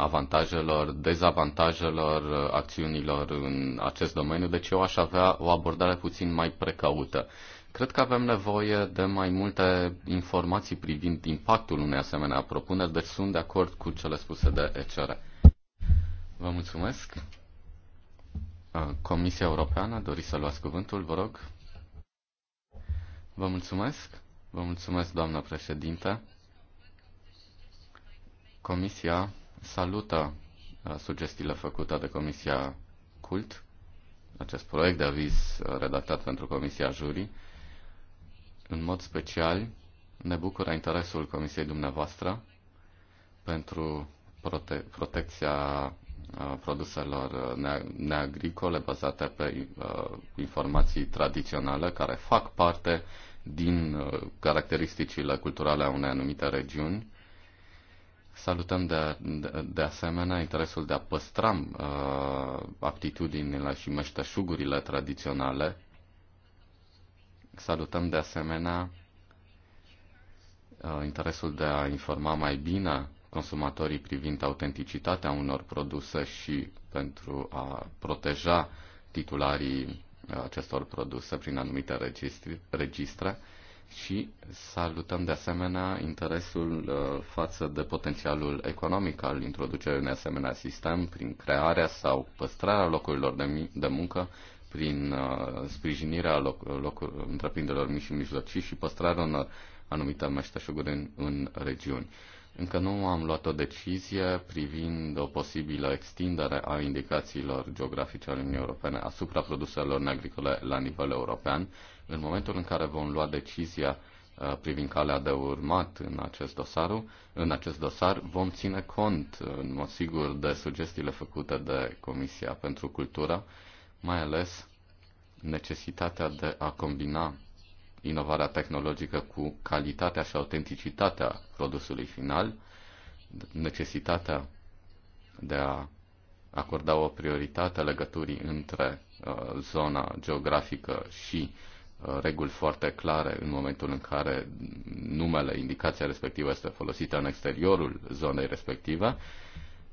avantajelor, dezavantajelor acțiunilor în acest domeniu, deci eu aș avea o abordare puțin mai precaută. Cred că avem nevoie de mai multe informații privind impactul unei asemenea propuneri, deci sunt de acord cu cele spuse de ECR. Vă mulțumesc. Comisia Europeană, doriți să luați cuvântul, vă rog. Vă mulțumesc. Vă mulțumesc, doamnă președinte. Comisia salută uh, sugestiile făcute de Comisia CULT, acest proiect de aviz uh, redactat pentru Comisia Jurii. În mod special, ne bucură interesul Comisiei dumneavoastră pentru prote- protecția uh, produselor neagricole bazate pe informații tradiționale care fac parte din caracteristicile culturale a unei anumite regiuni Salutăm de, de, de asemenea interesul de a păstra uh, aptitudinile și meșteșugurile tradiționale. Salutăm de asemenea uh, interesul de a informa mai bine consumatorii privind autenticitatea unor produse și pentru a proteja titularii uh, acestor produse prin anumite registri, registre și salutăm de asemenea interesul uh, față de potențialul economic al introducerii unui asemenea sistem prin crearea sau păstrarea locurilor de, de muncă, prin uh, sprijinirea loc, locuri, întreprinderilor mici și mijlocii și păstrarea unor anumite meșteșuguri în, în regiuni. Încă nu am luat o decizie privind o posibilă extindere a indicațiilor geografice ale Uniunii Europene asupra produselor agricole la nivel european. În momentul în care vom lua decizia uh, privind calea de urmat în acest dosar, în acest dosar vom ține cont, uh, în mod sigur, de sugestiile făcute de Comisia pentru Cultură, mai ales necesitatea de a combina inovarea tehnologică cu calitatea și autenticitatea produsului final, necesitatea de a acorda o prioritate legăturii între uh, zona geografică și uh, reguli foarte clare în momentul în care numele, indicația respectivă este folosită în exteriorul zonei respective.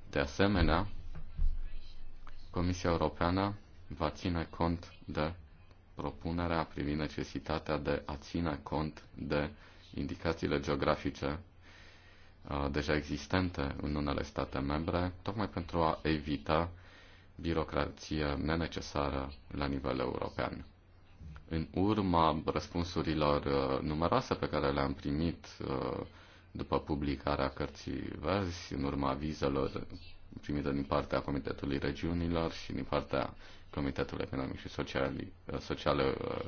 De asemenea, Comisia Europeană va ține cont de propunerea privind necesitatea de a ține cont de indicațiile geografice uh, deja existente în unele state membre, tocmai pentru a evita birocrație nenecesară la nivel european. În urma răspunsurilor uh, numeroase pe care le-am primit uh, după publicarea cărții verzi, în urma vizelor primite din partea Comitetului Regiunilor și din partea Comitetul Economic și Social, Social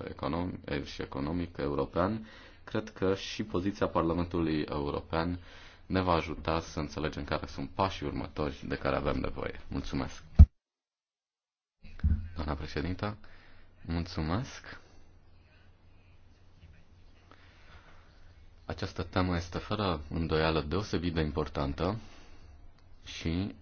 Econom, și Economic European, cred că și poziția Parlamentului European ne va ajuta să înțelegem care sunt pașii următori de care avem nevoie. Mulțumesc! Doamna președintă, mulțumesc! Această temă este fără îndoială deosebit de importantă și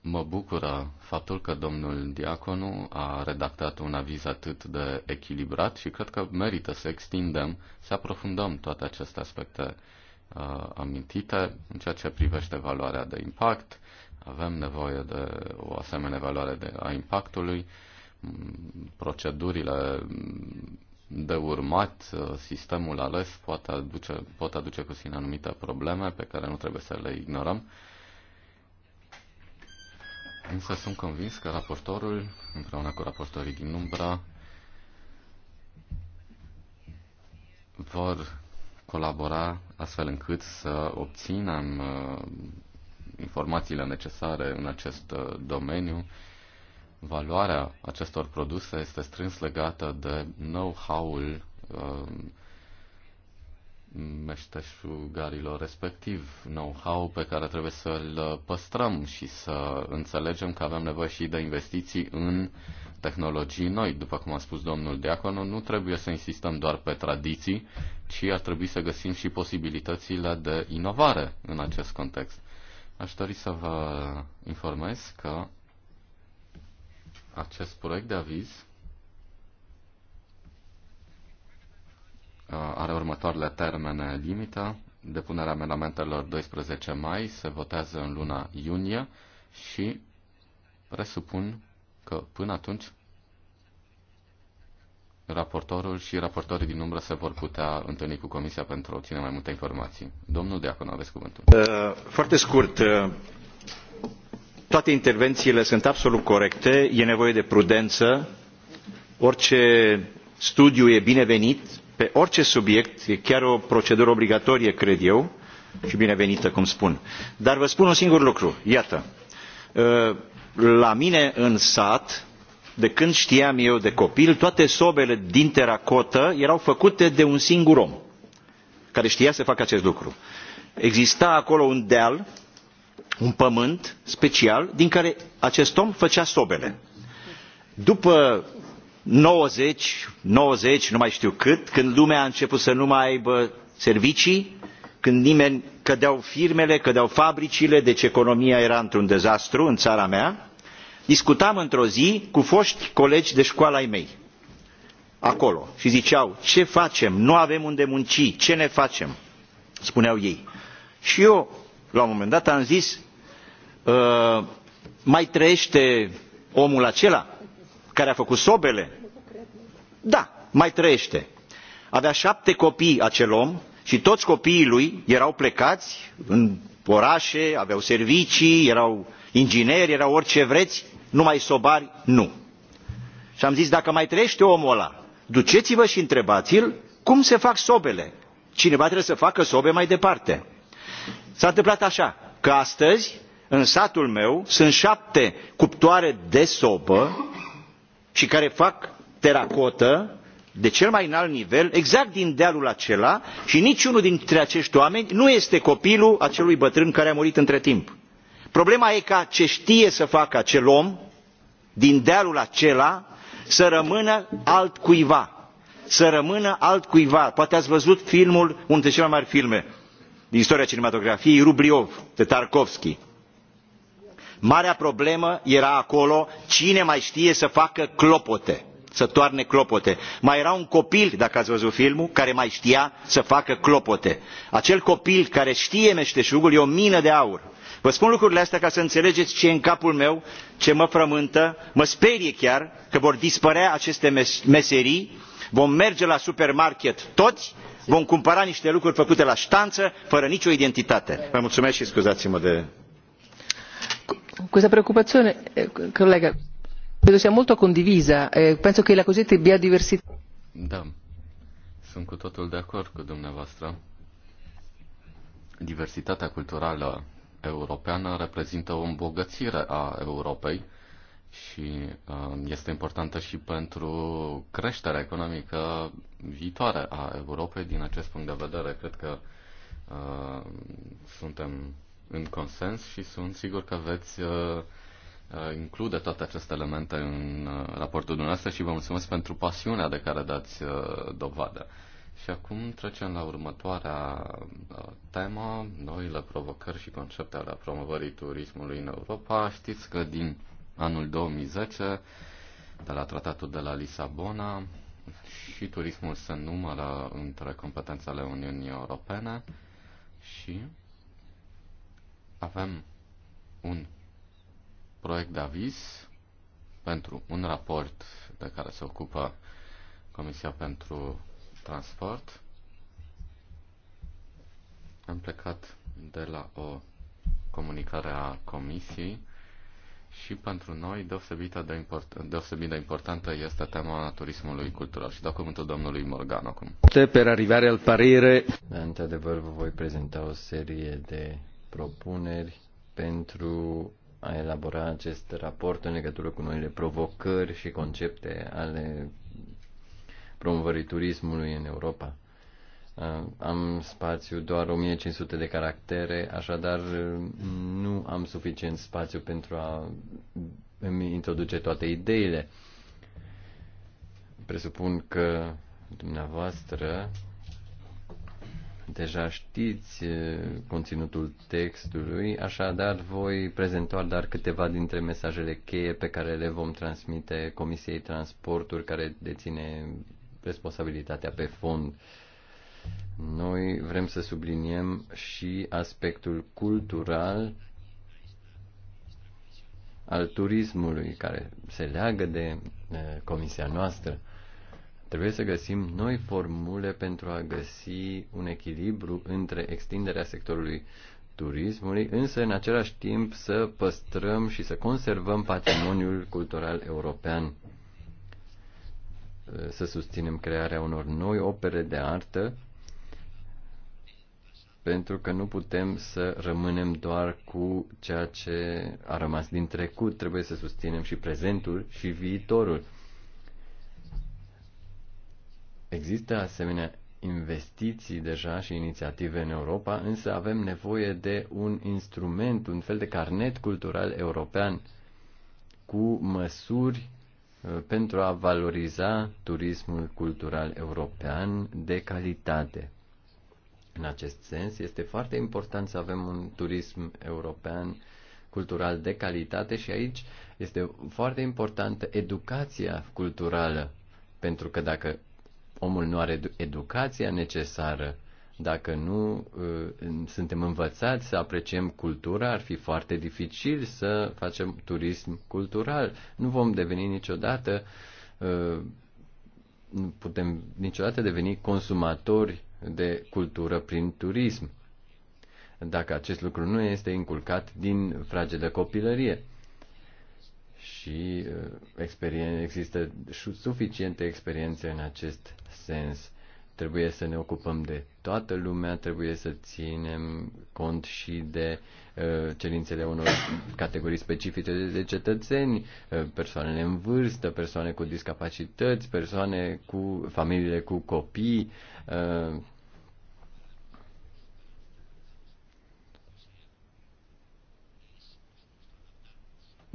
Mă bucură faptul că domnul Diaconu a redactat un aviz atât de echilibrat și cred că merită să extindem, să aprofundăm toate aceste aspecte uh, amintite în ceea ce privește valoarea de impact. Avem nevoie de o asemenea valoare de, a impactului, procedurile de urmat, uh, sistemul ales poate aduce, pot aduce cu sine anumite probleme pe care nu trebuie să le ignorăm. Uh, Însă sunt convins că raportorul, împreună cu raportorii din Umbra, vor colabora astfel încât să obținem uh, informațiile necesare în acest uh, domeniu. Valoarea acestor produse este strâns legată de know-how-ul uh, meșteșugarilor respectiv, know-how pe care trebuie să-l păstrăm și să înțelegem că avem nevoie și de investiții în tehnologii noi. După cum a spus domnul Diaconu, nu trebuie să insistăm doar pe tradiții, ci ar trebui să găsim și posibilitățile de inovare în acest context. Aș dori să vă informez că acest proiect de aviz Uh, are următoarele termene limită. Depunerea amendamentelor 12 mai se votează în luna iunie și presupun că până atunci raportorul și raportorii din umbră se vor putea întâlni cu Comisia pentru a obține mai multe informații. Domnul Deacon, aveți cuvântul. Uh, foarte scurt, uh, toate intervențiile sunt absolut corecte, e nevoie de prudență, orice studiu e binevenit, pe orice subiect, e chiar o procedură obligatorie, cred eu, și binevenită, cum spun. Dar vă spun un singur lucru. Iată, uh, la mine în sat, de când știam eu de copil, toate sobele din teracotă erau făcute de un singur om care știa să facă acest lucru. Exista acolo un deal, un pământ special, din care acest om făcea sobele. După 90, 90, nu mai știu cât, când lumea a început să nu mai aibă servicii, când nimeni cădeau firmele, cădeau fabricile, deci economia era într-un dezastru în țara mea, discutam într-o zi cu foști colegi de școală ai mei, acolo, și ziceau, ce facem, nu avem unde munci, ce ne facem, spuneau ei. Și eu, la un moment dat, am zis, ă, mai trăiește omul acela care a făcut sobele, da, mai trăiește. Avea șapte copii acel om și toți copiii lui erau plecați în orașe, aveau servicii, erau ingineri, erau orice vreți, numai sobari nu. Și am zis, dacă mai trăiește omul ăla, duceți-vă și întrebați-l cum se fac sobele. Cineva trebuie să facă sobe mai departe. S-a întâmplat așa, că astăzi, în satul meu, sunt șapte cuptoare de sobă și care fac teracotă de cel mai înalt nivel exact din dealul acela și niciunul dintre acești oameni nu este copilul acelui bătrân care a murit între timp. Problema e ca ce știe să facă acel om din dealul acela să rămână altcuiva. Să rămână altcuiva. Poate ați văzut filmul, unul dintre cele mai mari filme din istoria cinematografiei, Rubliov, de Tarkovski. Marea problemă era acolo cine mai știe să facă clopote să toarne clopote. Mai era un copil, dacă ați văzut filmul, care mai știa să facă clopote. Acel copil care știe meșteșugul e o mină de aur. Vă spun lucrurile astea ca să înțelegeți ce e în capul meu, ce mă frământă, mă sperie chiar că vor dispărea aceste mes meserii, vom merge la supermarket toți, vom cumpăra niște lucruri făcute la ștanță, fără nicio identitate. Vă mulțumesc și scuzați-mă de... Cu preocupazione, colega credo sia molto condivisa. Eh, penso che la cosiddetta biodiversità. Da. Sunt cu totul de acord cu dumneavoastră. Diversitatea culturală europeană reprezintă o îmbogățire a Europei și uh, este importantă și pentru creșterea economică viitoare a Europei. Din acest punct de vedere, cred că uh, suntem în consens și sunt sigur că veți uh, Uh, include toate aceste elemente în uh, raportul dumneavoastră și vă mulțumesc pentru pasiunea de care dați uh, dovadă. Și acum trecem la următoarea temă, noile provocări și concepte ale promovării turismului în Europa. Știți că din anul 2010, de la tratatul de la Lisabona, și turismul se numără între competențele Uniunii Europene și avem un proiect de aviz pentru un raport de care se ocupă Comisia pentru Transport. Am plecat de la o comunicare a Comisiei și pentru noi deosebită de import, deosebit de importantă este tema turismului cultural. Și dau cuvântul domnului Morgan acum. Per arrivare al parere. Într-adevăr vă voi prezenta o serie de propuneri pentru a elabora acest raport în legătură cu noile provocări și concepte ale promovării turismului în Europa. Uh, am spațiu doar 1500 de caractere, așadar uh, nu am suficient spațiu pentru a îmi introduce toate ideile. Presupun că dumneavoastră Deja știți conținutul textului, așadar voi prezenta doar câteva dintre mesajele cheie pe care le vom transmite Comisiei Transporturi, care deține responsabilitatea pe fond. Noi vrem să subliniem și aspectul cultural al turismului, care se leagă de comisia noastră. Trebuie să găsim noi formule pentru a găsi un echilibru între extinderea sectorului turismului, însă în același timp să păstrăm și să conservăm patrimoniul cultural european. Să susținem crearea unor noi opere de artă, pentru că nu putem să rămânem doar cu ceea ce a rămas din trecut. Trebuie să susținem și prezentul și viitorul Există asemenea investiții deja și inițiative în Europa, însă avem nevoie de un instrument, un fel de carnet cultural european cu măsuri uh, pentru a valoriza turismul cultural european de calitate. În acest sens, este foarte important să avem un turism european cultural de calitate și aici este foarte importantă educația culturală, pentru că dacă omul nu are educația necesară, dacă nu uh, suntem învățați să apreciem cultura, ar fi foarte dificil să facem turism cultural. Nu vom deveni niciodată, uh, nu putem niciodată deveni consumatori de cultură prin turism, dacă acest lucru nu este inculcat din fragedă copilărie și uh, există suficiente experiențe în acest sens. Trebuie să ne ocupăm de toată lumea, trebuie să ținem cont și de uh, cerințele unor categorii specifice de, de cetățeni, uh, persoanele în vârstă, persoane cu discapacități, persoane cu familiile cu copii. Uh,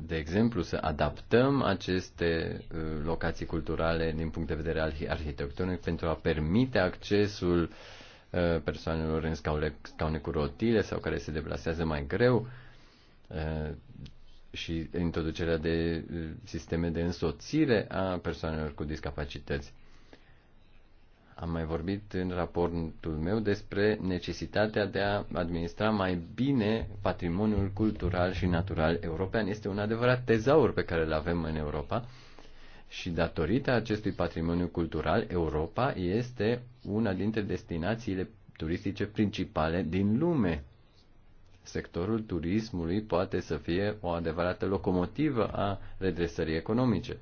de exemplu, să adaptăm aceste uh, locații culturale din punct de vedere al arhitectonic pentru a permite accesul uh, persoanelor în scaune, scaune cu rotile sau care se deplasează mai greu uh, și introducerea de sisteme de însoțire a persoanelor cu discapacități. Am mai vorbit în raportul meu despre necesitatea de a administra mai bine patrimoniul cultural și natural european. Este un adevărat tezaur pe care îl avem în Europa și datorită acestui patrimoniu cultural, Europa este una dintre destinațiile turistice principale din lume. Sectorul turismului poate să fie o adevărată locomotivă a redresării economice.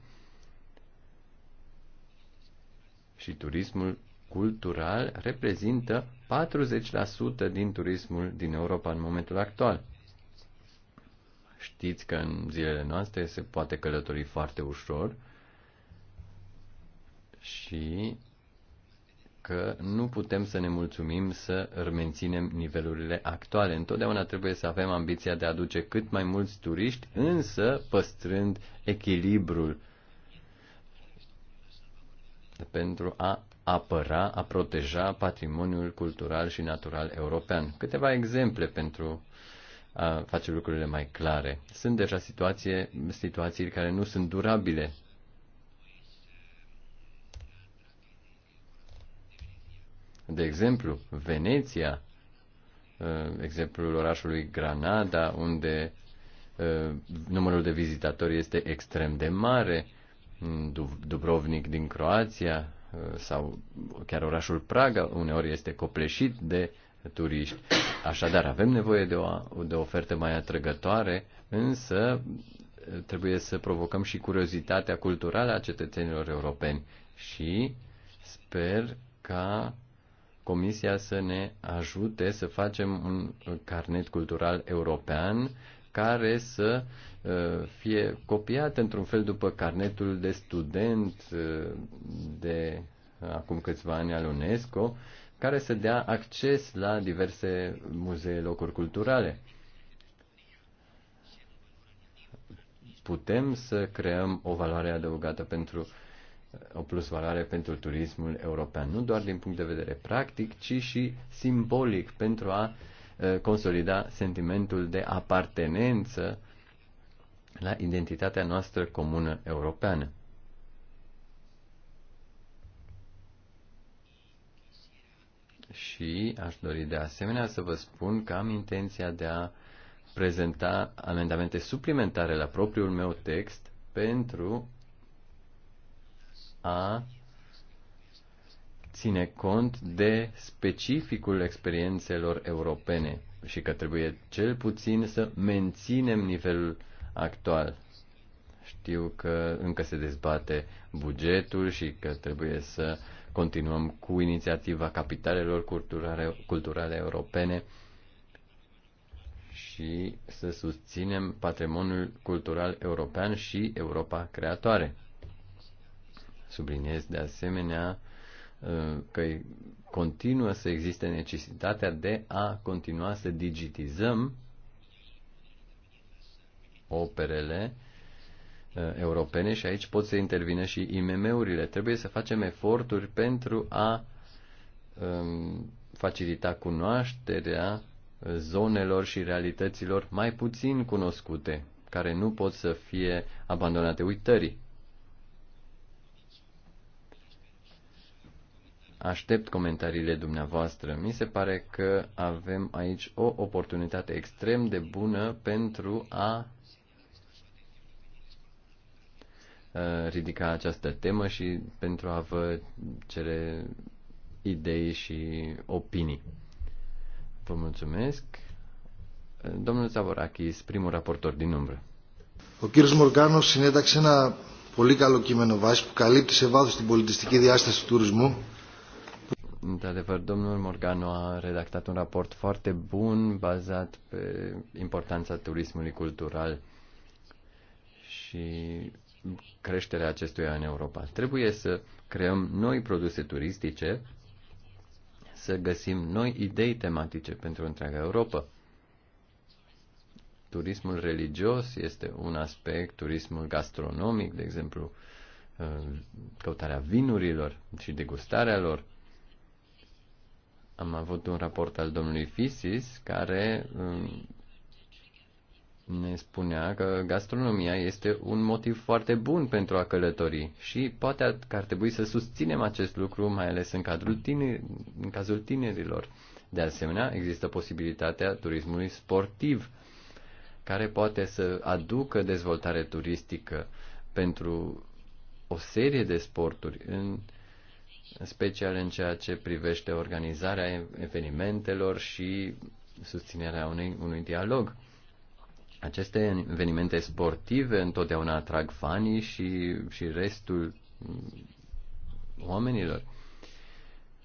și turismul cultural reprezintă 40% din turismul din Europa în momentul actual. Știți că în zilele noastre se poate călători foarte ușor și că nu putem să ne mulțumim să menținem nivelurile actuale. Întotdeauna trebuie să avem ambiția de a aduce cât mai mulți turiști, însă păstrând echilibrul pentru a apăra, a proteja patrimoniul cultural și natural european. Câteva exemple pentru a face lucrurile mai clare. Sunt deja situație, situații care nu sunt durabile. De exemplu, Veneția, ă, exemplul orașului Granada, unde ă, numărul de vizitatori este extrem de mare, Mm, Dubrovnik din Croația uh, sau chiar orașul Praga uneori este copleșit de turiști. Așadar, avem nevoie de o, de o ofertă mai atrăgătoare, însă uh, trebuie să provocăm și curiozitatea culturală a cetățenilor europeni și sper ca Comisia să ne ajute să facem un carnet cultural european care să Uh, fie copiat într-un fel după carnetul de student uh, de acum câțiva ani al UNESCO, care să dea acces la diverse muzee, locuri culturale. Putem să creăm o valoare adăugată pentru o plus valoare pentru turismul european, nu doar din punct de vedere practic, ci și simbolic pentru a uh, consolida sentimentul de apartenență uh, la identitatea noastră comună europeană. Și aș dori de asemenea să vă spun că am intenția de a prezenta amendamente suplimentare la propriul meu text pentru a ține cont de specificul experiențelor europene și că trebuie cel puțin să menținem nivelul actual. Știu că încă se dezbate bugetul și că trebuie să continuăm cu inițiativa capitalelor culturale, culturale europene și să susținem patrimoniul cultural european și Europa creatoare. Subliniez de asemenea uh, că continuă să existe necesitatea de a continua să digitizăm operele uh, europene și aici pot să intervine și IMM-urile. Trebuie să facem eforturi pentru a um, facilita cunoașterea uh, zonelor și realităților mai puțin cunoscute, care nu pot să fie abandonate uitării. Aștept comentariile dumneavoastră. Mi se pare că avem aici o oportunitate extrem de bună pentru a Uh, ridica această temă și pentru a vă cere idei și opinii. Vă mulțumesc. Domnul Zavorakis, primul raportor din umbră. Ο κύριος Μοργάνος συνέταξε ένα πολύ καλό κείμενο βάση που καλύπτει σε βάθος την πολιτιστική διάσταση του τουρισμού. Într-adevăr, domnul Morgano a redactat un raport foarte bun bazat pe importanța turismului cultural și creșterea an în Europa. Trebuie să creăm noi produse turistice, să găsim noi idei tematice pentru întreaga Europa. Turismul religios este un aspect, turismul gastronomic, de exemplu, uh, căutarea vinurilor și degustarea lor. Am avut un raport al domnului Fisis care um, ne spunea că gastronomia este un motiv foarte bun pentru a călători și poate că ar trebui să susținem acest lucru, mai ales în, cadrul tineri, în cazul tinerilor. De asemenea, există posibilitatea turismului sportiv, care poate să aducă dezvoltare turistică pentru o serie de sporturi, în special în ceea ce privește organizarea evenimentelor și susținerea unui, unui dialog aceste evenimente sportive întotdeauna atrag fanii și, și restul mm, oamenilor.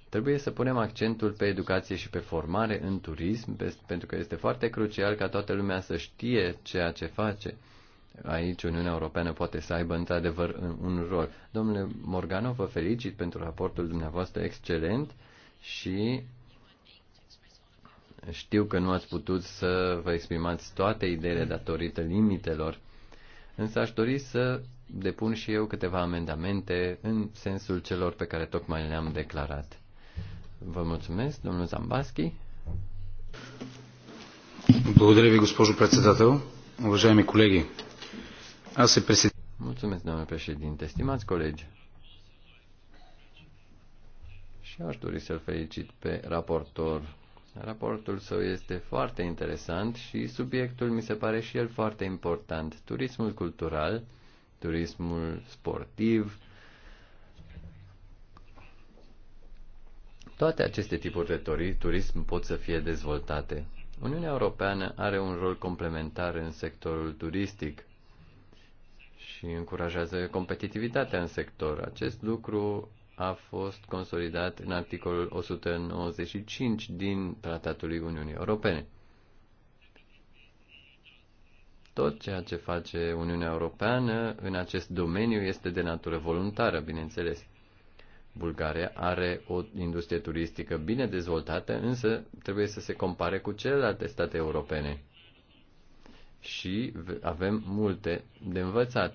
Trebuie să punem accentul pe educație și pe formare în turism, pentru că este foarte crucial ca toată lumea să știe ceea ce face. Aici Uniunea Europeană poate să aibă într-adevăr un rol. Domnule Morgano, vă felicit pentru raportul dumneavoastră excelent și știu că nu ați putut să vă exprimați toate ideile datorită limitelor, însă aș dori să depun și eu câteva amendamente în sensul celor pe care tocmai le-am declarat. Vă mulțumesc, domnul Zambaschi. Благодаря ви, госпожо председател. Уважаеми колеги, аз се Mulțumesc, domnule președinte. Stimați colegi, și aș dori să-l felicit pe raportor Raportul său este foarte interesant și subiectul mi se pare și el foarte important. Turismul cultural, turismul sportiv, toate aceste tipuri de turism pot să fie dezvoltate. Uniunea Europeană are un rol complementar în sectorul turistic și încurajează competitivitatea în sector. Acest lucru a fost consolidat în articolul 195 din Tratatul Uniunii Europene. Tot ceea ce face Uniunea Europeană în acest domeniu este de natură voluntară, bineînțeles. Bulgaria are o industrie turistică bine dezvoltată, însă trebuie să se compare cu celelalte state europene. Și avem multe de învățat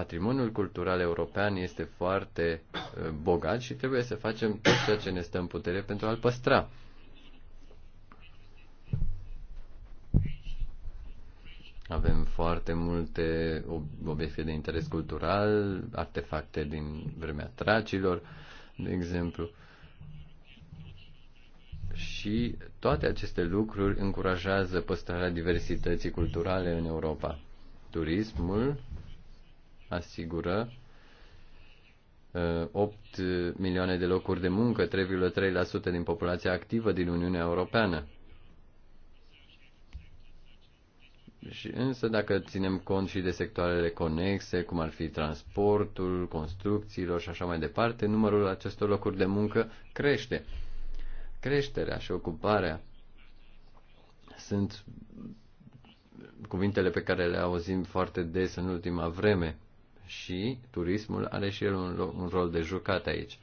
patrimoniul cultural european este foarte uh, bogat și trebuie să facem tot ceea ce ne stă în putere pentru a-l păstra. Avem foarte multe obiecte de interes cultural, artefacte din vremea tracilor, de exemplu. Și toate aceste lucruri încurajează păstrarea diversității culturale în Europa. Turismul asigură 8 uh, milioane de locuri de muncă, 3,3% din populația activă din Uniunea Europeană. Și însă dacă ținem cont și de sectoarele conexe, cum ar fi transportul, construcțiilor și așa mai departe, numărul acestor locuri de muncă crește. Creșterea și ocuparea sunt cuvintele pe care le auzim foarte des în ultima vreme și turismul are și el un, un rol de jucat aici.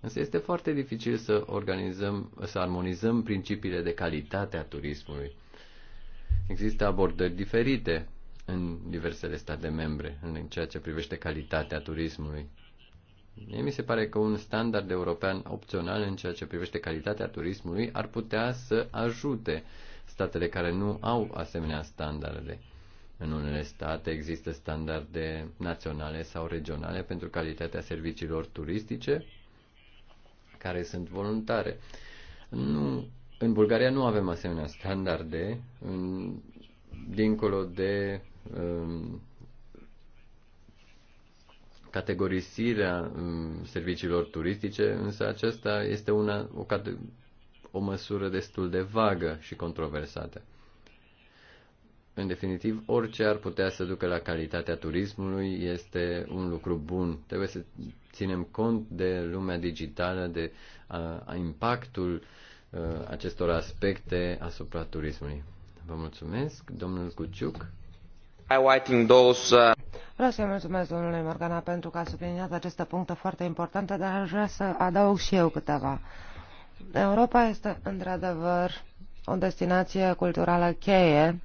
Însă este foarte dificil să organizăm, să armonizăm principiile de calitate a turismului. Există abordări diferite în diversele state membre în ceea ce privește calitatea turismului. Mie mi se pare că un standard european opțional în ceea ce privește calitatea turismului ar putea să ajute statele care nu au asemenea standarde. În unele state există standarde naționale sau regionale pentru calitatea serviciilor turistice care sunt voluntare. Nu, în Bulgaria nu avem asemenea standarde în, dincolo de um, categorisirea um, serviciilor turistice, însă aceasta este una, o, o măsură destul de vagă și controversată. În definitiv, orice ar putea să ducă la calitatea turismului este un lucru bun. Trebuie să ținem cont de lumea digitală, de a, a impactul a, acestor aspecte asupra turismului. Vă mulțumesc, domnul Cuciuc. Uh, Vreau să-i mulțumesc domnului Morgana pentru că a subliniat aceste puncte foarte importante, dar aș vrea să adaug și eu câteva. Europa este într-adevăr o destinație culturală cheie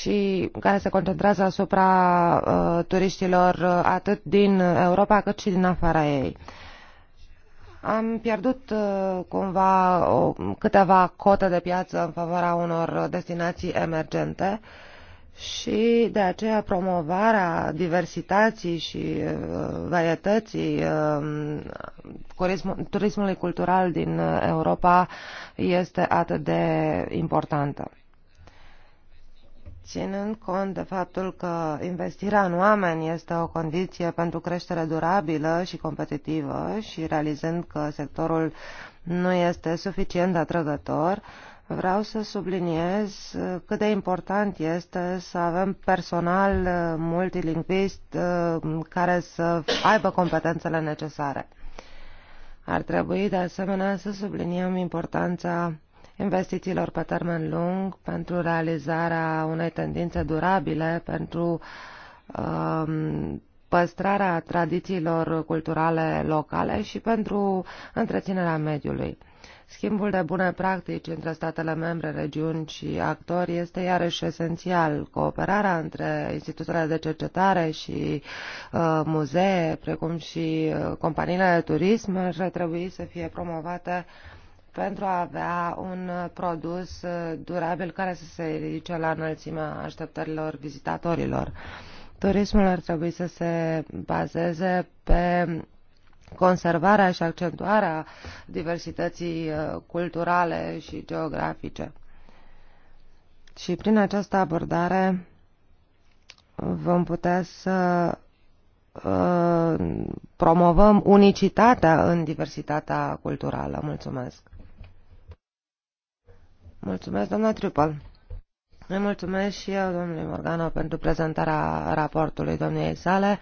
și care se concentrează asupra uh, turiștilor uh, atât din Europa cât și din afara ei. Am pierdut uh, cumva o, câteva cote de piață în favoarea unor destinații emergente și de aceea promovarea diversității și uh, varietății uh, turismului cultural din Europa este atât de importantă ținând cont de faptul că investirea în oameni este o condiție pentru creștere durabilă și competitivă și realizând că sectorul nu este suficient de atrăgător, vreau să subliniez cât de important este să avem personal multilingvist uh, care să aibă competențele necesare. Ar trebui de asemenea să subliniem importanța investițiilor pe termen lung pentru realizarea unei tendințe durabile, pentru um, păstrarea tradițiilor culturale locale și pentru întreținerea mediului. Schimbul de bune practici între statele membre, regiuni și actori este iarăși esențial. Cooperarea între instituțiile de cercetare și uh, muzee, precum și uh, companiile de turism, ar trebui să fie promovate uh, pentru a avea un uh, produs uh, durabil care să se ridice la înălțimea așteptărilor vizitatorilor. Turismul ar trebui să se bazeze pe conservarea și accentuarea diversității uh, culturale și geografice. Și prin această abordare vom putea să promovăm unicitatea în diversitatea culturală. Mulțumesc! Mulțumesc, doamna Triupol. Îi mulțumesc și eu, domnului Morgano, pentru prezentarea raportului domniei sale.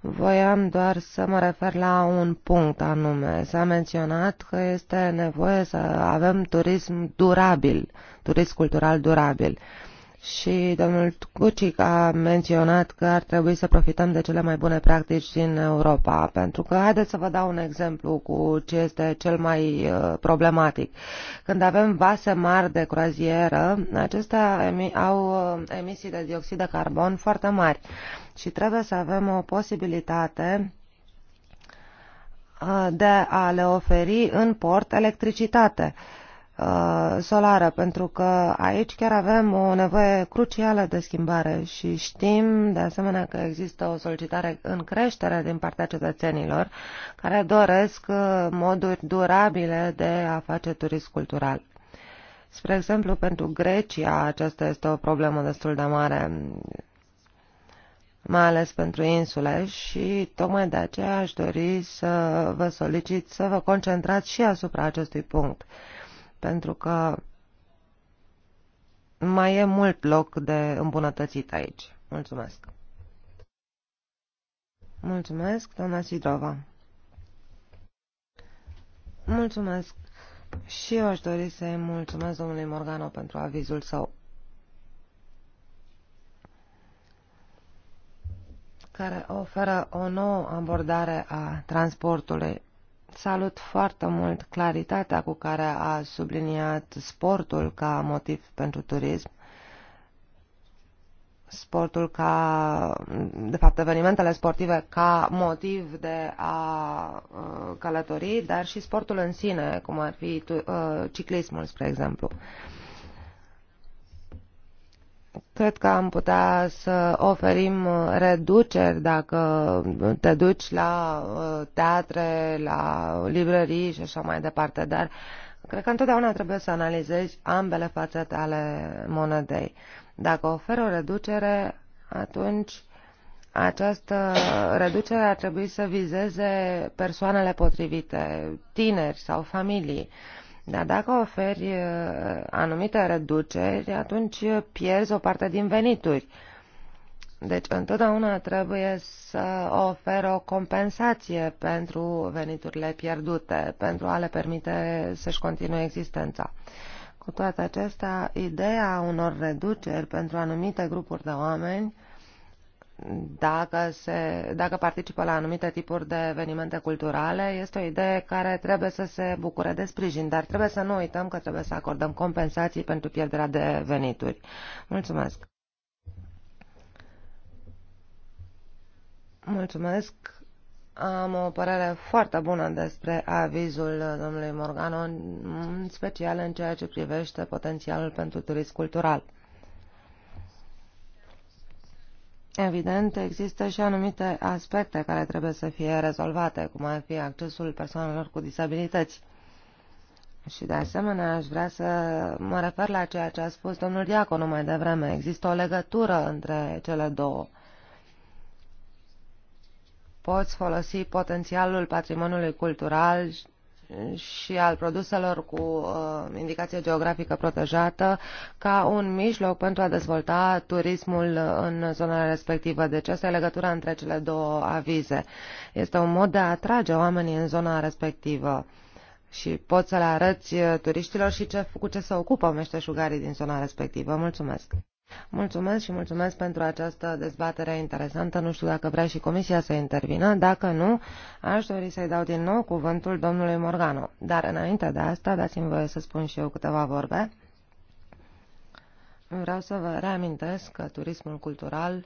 Voiam doar să mă refer la un punct anume. S-a menționat că este nevoie să avem turism durabil, turism cultural durabil. Uh, și domnul Cucic a menționat că ar trebui să profităm de cele mai bune practici din Europa, pentru că haideți să vă dau un exemplu cu ce este cel mai uh, problematic. Când avem vase mari de croazieră, acestea au uh, emisii de dioxid de carbon foarte mari și trebuie să avem o posibilitate uh, de a le oferi în port electricitate Uh, solară, pentru că aici chiar avem o nevoie crucială de schimbare și știm de asemenea că există o solicitare în creștere din partea cetățenilor care doresc uh, moduri durabile de a face turism cultural. Spre exemplu, pentru Grecia aceasta este o problemă destul de mare mai ales pentru insule și tocmai de aceea aș dori să vă solicit să vă concentrați și asupra acestui punct pentru că mai e mult loc de îmbunătățit aici. Mulțumesc! Mulțumesc, doamna Sidrova! Mulțumesc! Și eu aș dori să-i mulțumesc domnului Morgano pentru avizul său. care oferă o nouă abordare a transportului. Salut foarte mult claritatea cu care a subliniat sportul ca motiv pentru turism sportul ca, de fapt, evenimentele sportive ca motiv de a uh, călători, dar și sportul în sine, cum ar fi uh, ciclismul, spre exemplu. Cred că am putea să oferim uh, reduceri dacă te duci la uh, teatre, la librării și așa mai departe, dar cred că întotdeauna trebuie să analizezi ambele fațete ale monedei. Dacă ofer o reducere, atunci această reducere ar trebui să vizeze persoanele potrivite, tineri sau familii. Uh, dar dacă oferi uh, anumite reduceri, atunci uh, pierzi o parte din venituri. Deci întotdeauna trebuie să oferi o compensație pentru veniturile pierdute, pentru a le permite să-și continue existența. Cu toate acestea, ideea unor reduceri pentru anumite grupuri de oameni dacă, se, dacă participă la anumite tipuri de evenimente culturale, este o idee care trebuie să se bucure de sprijin, dar trebuie să nu uităm că trebuie să acordăm compensații pentru pierderea de venituri. Mulțumesc! Mulțumesc! Am o părere foarte bună despre avizul domnului Morgano, în special în ceea ce privește potențialul pentru turism cultural. Evident, există și anumite aspecte care trebuie să fie rezolvate, cum ar fi accesul persoanelor cu disabilități. Și de asemenea aș vrea să mă refer la ceea ce a spus domnul Diaconu mai devreme. Există o legătură între cele două. Poți folosi potențialul patrimoniului cultural și al produselor cu uh, indicație geografică protejată ca un mijloc pentru a dezvolta turismul în zona respectivă. Deci asta e legătura între cele două avize. Este un mod de a atrage oamenii în zona respectivă și poți să le arăți turiștilor și ce, cu ce se ocupă meșteșugarii din zona respectivă. Mulțumesc! Mulțumesc și mulțumesc pentru această dezbatere interesantă. Nu știu dacă vrea și Comisia să intervină. Dacă nu, aș dori să-i dau din nou cuvântul domnului Morgano. Dar înainte de asta, dați-mi voie să spun și eu câteva vorbe. Vreau să vă reamintesc că turismul cultural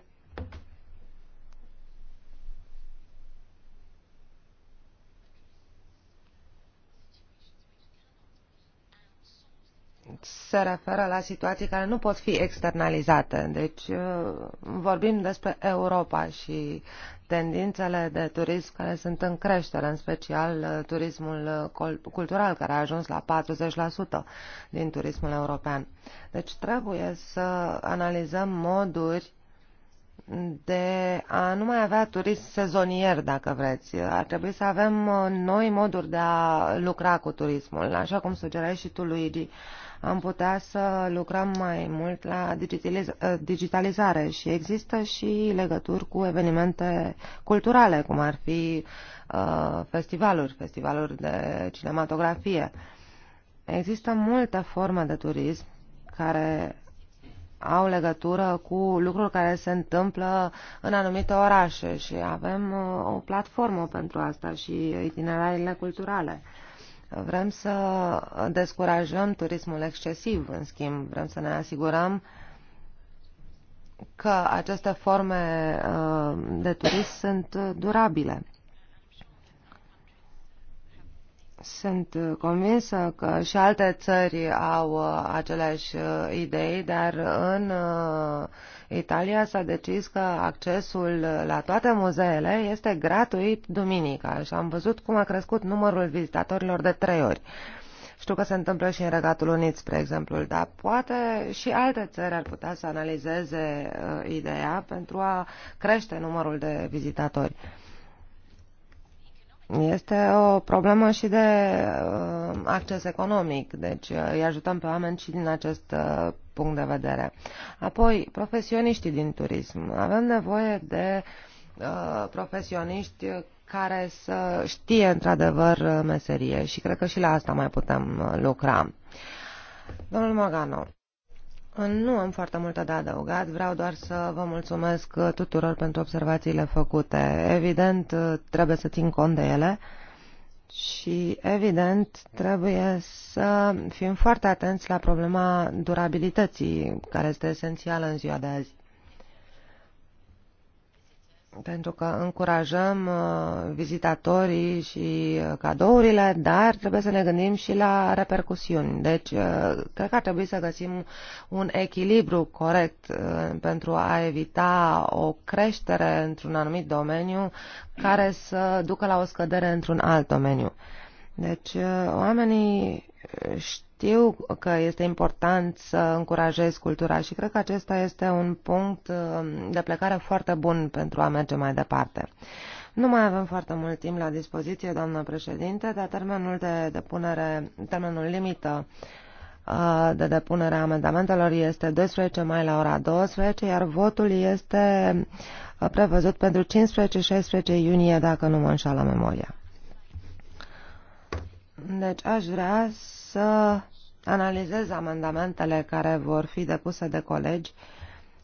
se referă la situații care nu pot fi externalizate. Deci uh, vorbim despre Europa și tendințele de turism care sunt în creștere, în special uh, turismul uh, cultural care a ajuns la 40% din turismul european. Deci trebuie să analizăm moduri de a nu mai avea turism sezonier, dacă vreți. Ar trebui să avem uh, noi moduri de a lucra cu turismul, așa cum sugerai și tu, Luigi. Am putea să lucrăm mai mult la uh, digitalizare și există și legături cu evenimente culturale, cum ar fi uh, festivaluri, festivaluri de cinematografie. Există multe forme de turism care au legătură cu lucruri care se întâmplă în anumite orașe și avem uh, o platformă pentru asta și itinerariile culturale. Vrem să descurajăm turismul excesiv, în schimb, vrem să ne asigurăm că aceste forme uh, de turism sunt durabile. Sunt uh, convinsă că și alte țări au uh, aceleași uh, idei, dar în Italia s-a decis că accesul la toate muzeele este gratuit duminica și am văzut cum a crescut numărul vizitatorilor de trei ori. Știu că se întâmplă și în Regatul Unit, spre exemplu, dar poate și alte țări ar putea să analizeze ideea pentru a crește numărul de vizitatori. Uh, este o problemă și de uh, acces economic, deci uh, îi ajutăm pe oameni și din acest uh, punct de vedere. Apoi, profesioniștii din turism. Avem nevoie de uh, profesioniști care să știe într-adevăr meserie și cred că și la asta mai putem uh, lucra. Domnul Magano. Nu am foarte multe de adăugat, vreau doar să vă mulțumesc tuturor pentru observațiile făcute. Evident, trebuie să țin cont de ele și, evident, trebuie să fim foarte atenți la problema durabilității, care este esențială în ziua de azi pentru că încurajăm uh, vizitatorii și uh, cadourile, dar trebuie să ne gândim și la repercusiuni. Deci, uh, cred că ar trebui să găsim un echilibru corect pentru a evita o creștere într-un anumit domeniu care să ducă la o scădere într-un alt domeniu. Deci, oamenii știu știu că este important să încurajezi cultura și cred că acesta este un punct um, de plecare foarte bun pentru a merge mai departe. Nu mai avem foarte mult timp la dispoziție, doamnă președinte, dar termenul de depunere, termenul limită uh, de depunere a amendamentelor este 12 mai la ora 12, iar votul este uh, prevăzut pentru 15-16 iunie, dacă nu mă înșală memoria. Deci aș vrea să analizez amendamentele care vor fi depuse de colegi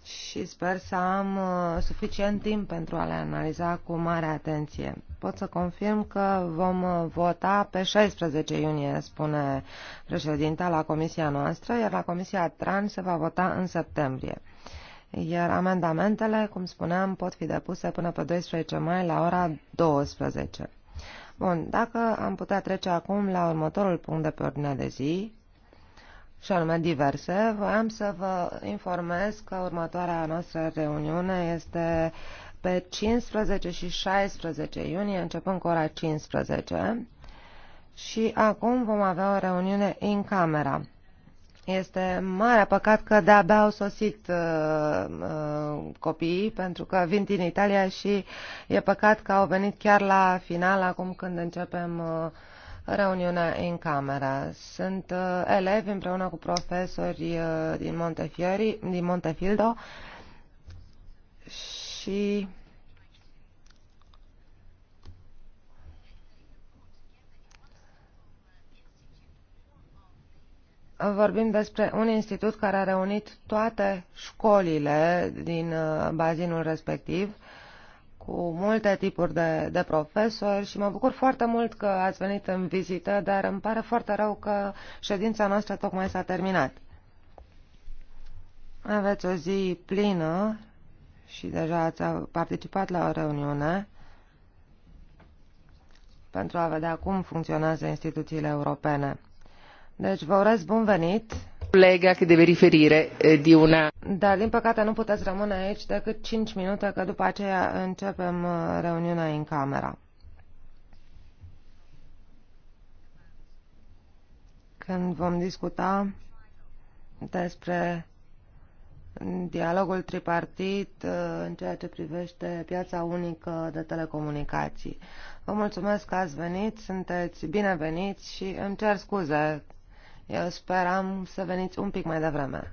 și sper să am uh, suficient timp pentru a le analiza cu mare atenție. Pot să confirm că vom uh, vota pe 16 iunie, spune președinta, la comisia noastră, iar la comisia TRAN se va vota în septembrie. Iar amendamentele, cum spuneam, pot fi depuse până pe 12 mai la ora 12. Bun, dacă am putea trece acum la următorul punct de pe ordinea de zi, și anume diverse, voiam să vă informez că următoarea noastră reuniune este pe 15 și 16 iunie, începând cu ora 15. Și acum vom avea o reuniune în camera. Este mare păcat că de-abia au sosit uh, uh, copiii, pentru că vin din Italia și e păcat că au venit chiar la final, acum când începem uh, reuniunea în camera. Sunt uh, elevi împreună cu profesori uh, din, Montefiori, din Montefildo și vorbim despre un institut care a reunit toate școlile din uh, bazinul respectiv cu multe tipuri de, de profesori și mă bucur foarte mult că ați venit în vizită, dar îmi pare foarte rău că ședința noastră tocmai s-a terminat. Aveți o zi plină și deja ați participat la o reuniune pentru a vedea cum funcționează instituțiile europene. Deci vă urez bun venit. Colega că deve riferire eh, di una... Da, din păcate nu puteți rămâne aici decât 5 minute, că după aceea începem eh, reuniunea în camera. Când vom discuta despre dialogul tripartit eh, în ceea ce privește piața unică de telecomunicații. Vă mulțumesc că ați venit, sunteți bineveniți și îmi cer scuze eu speram să veniți un pic mai devreme.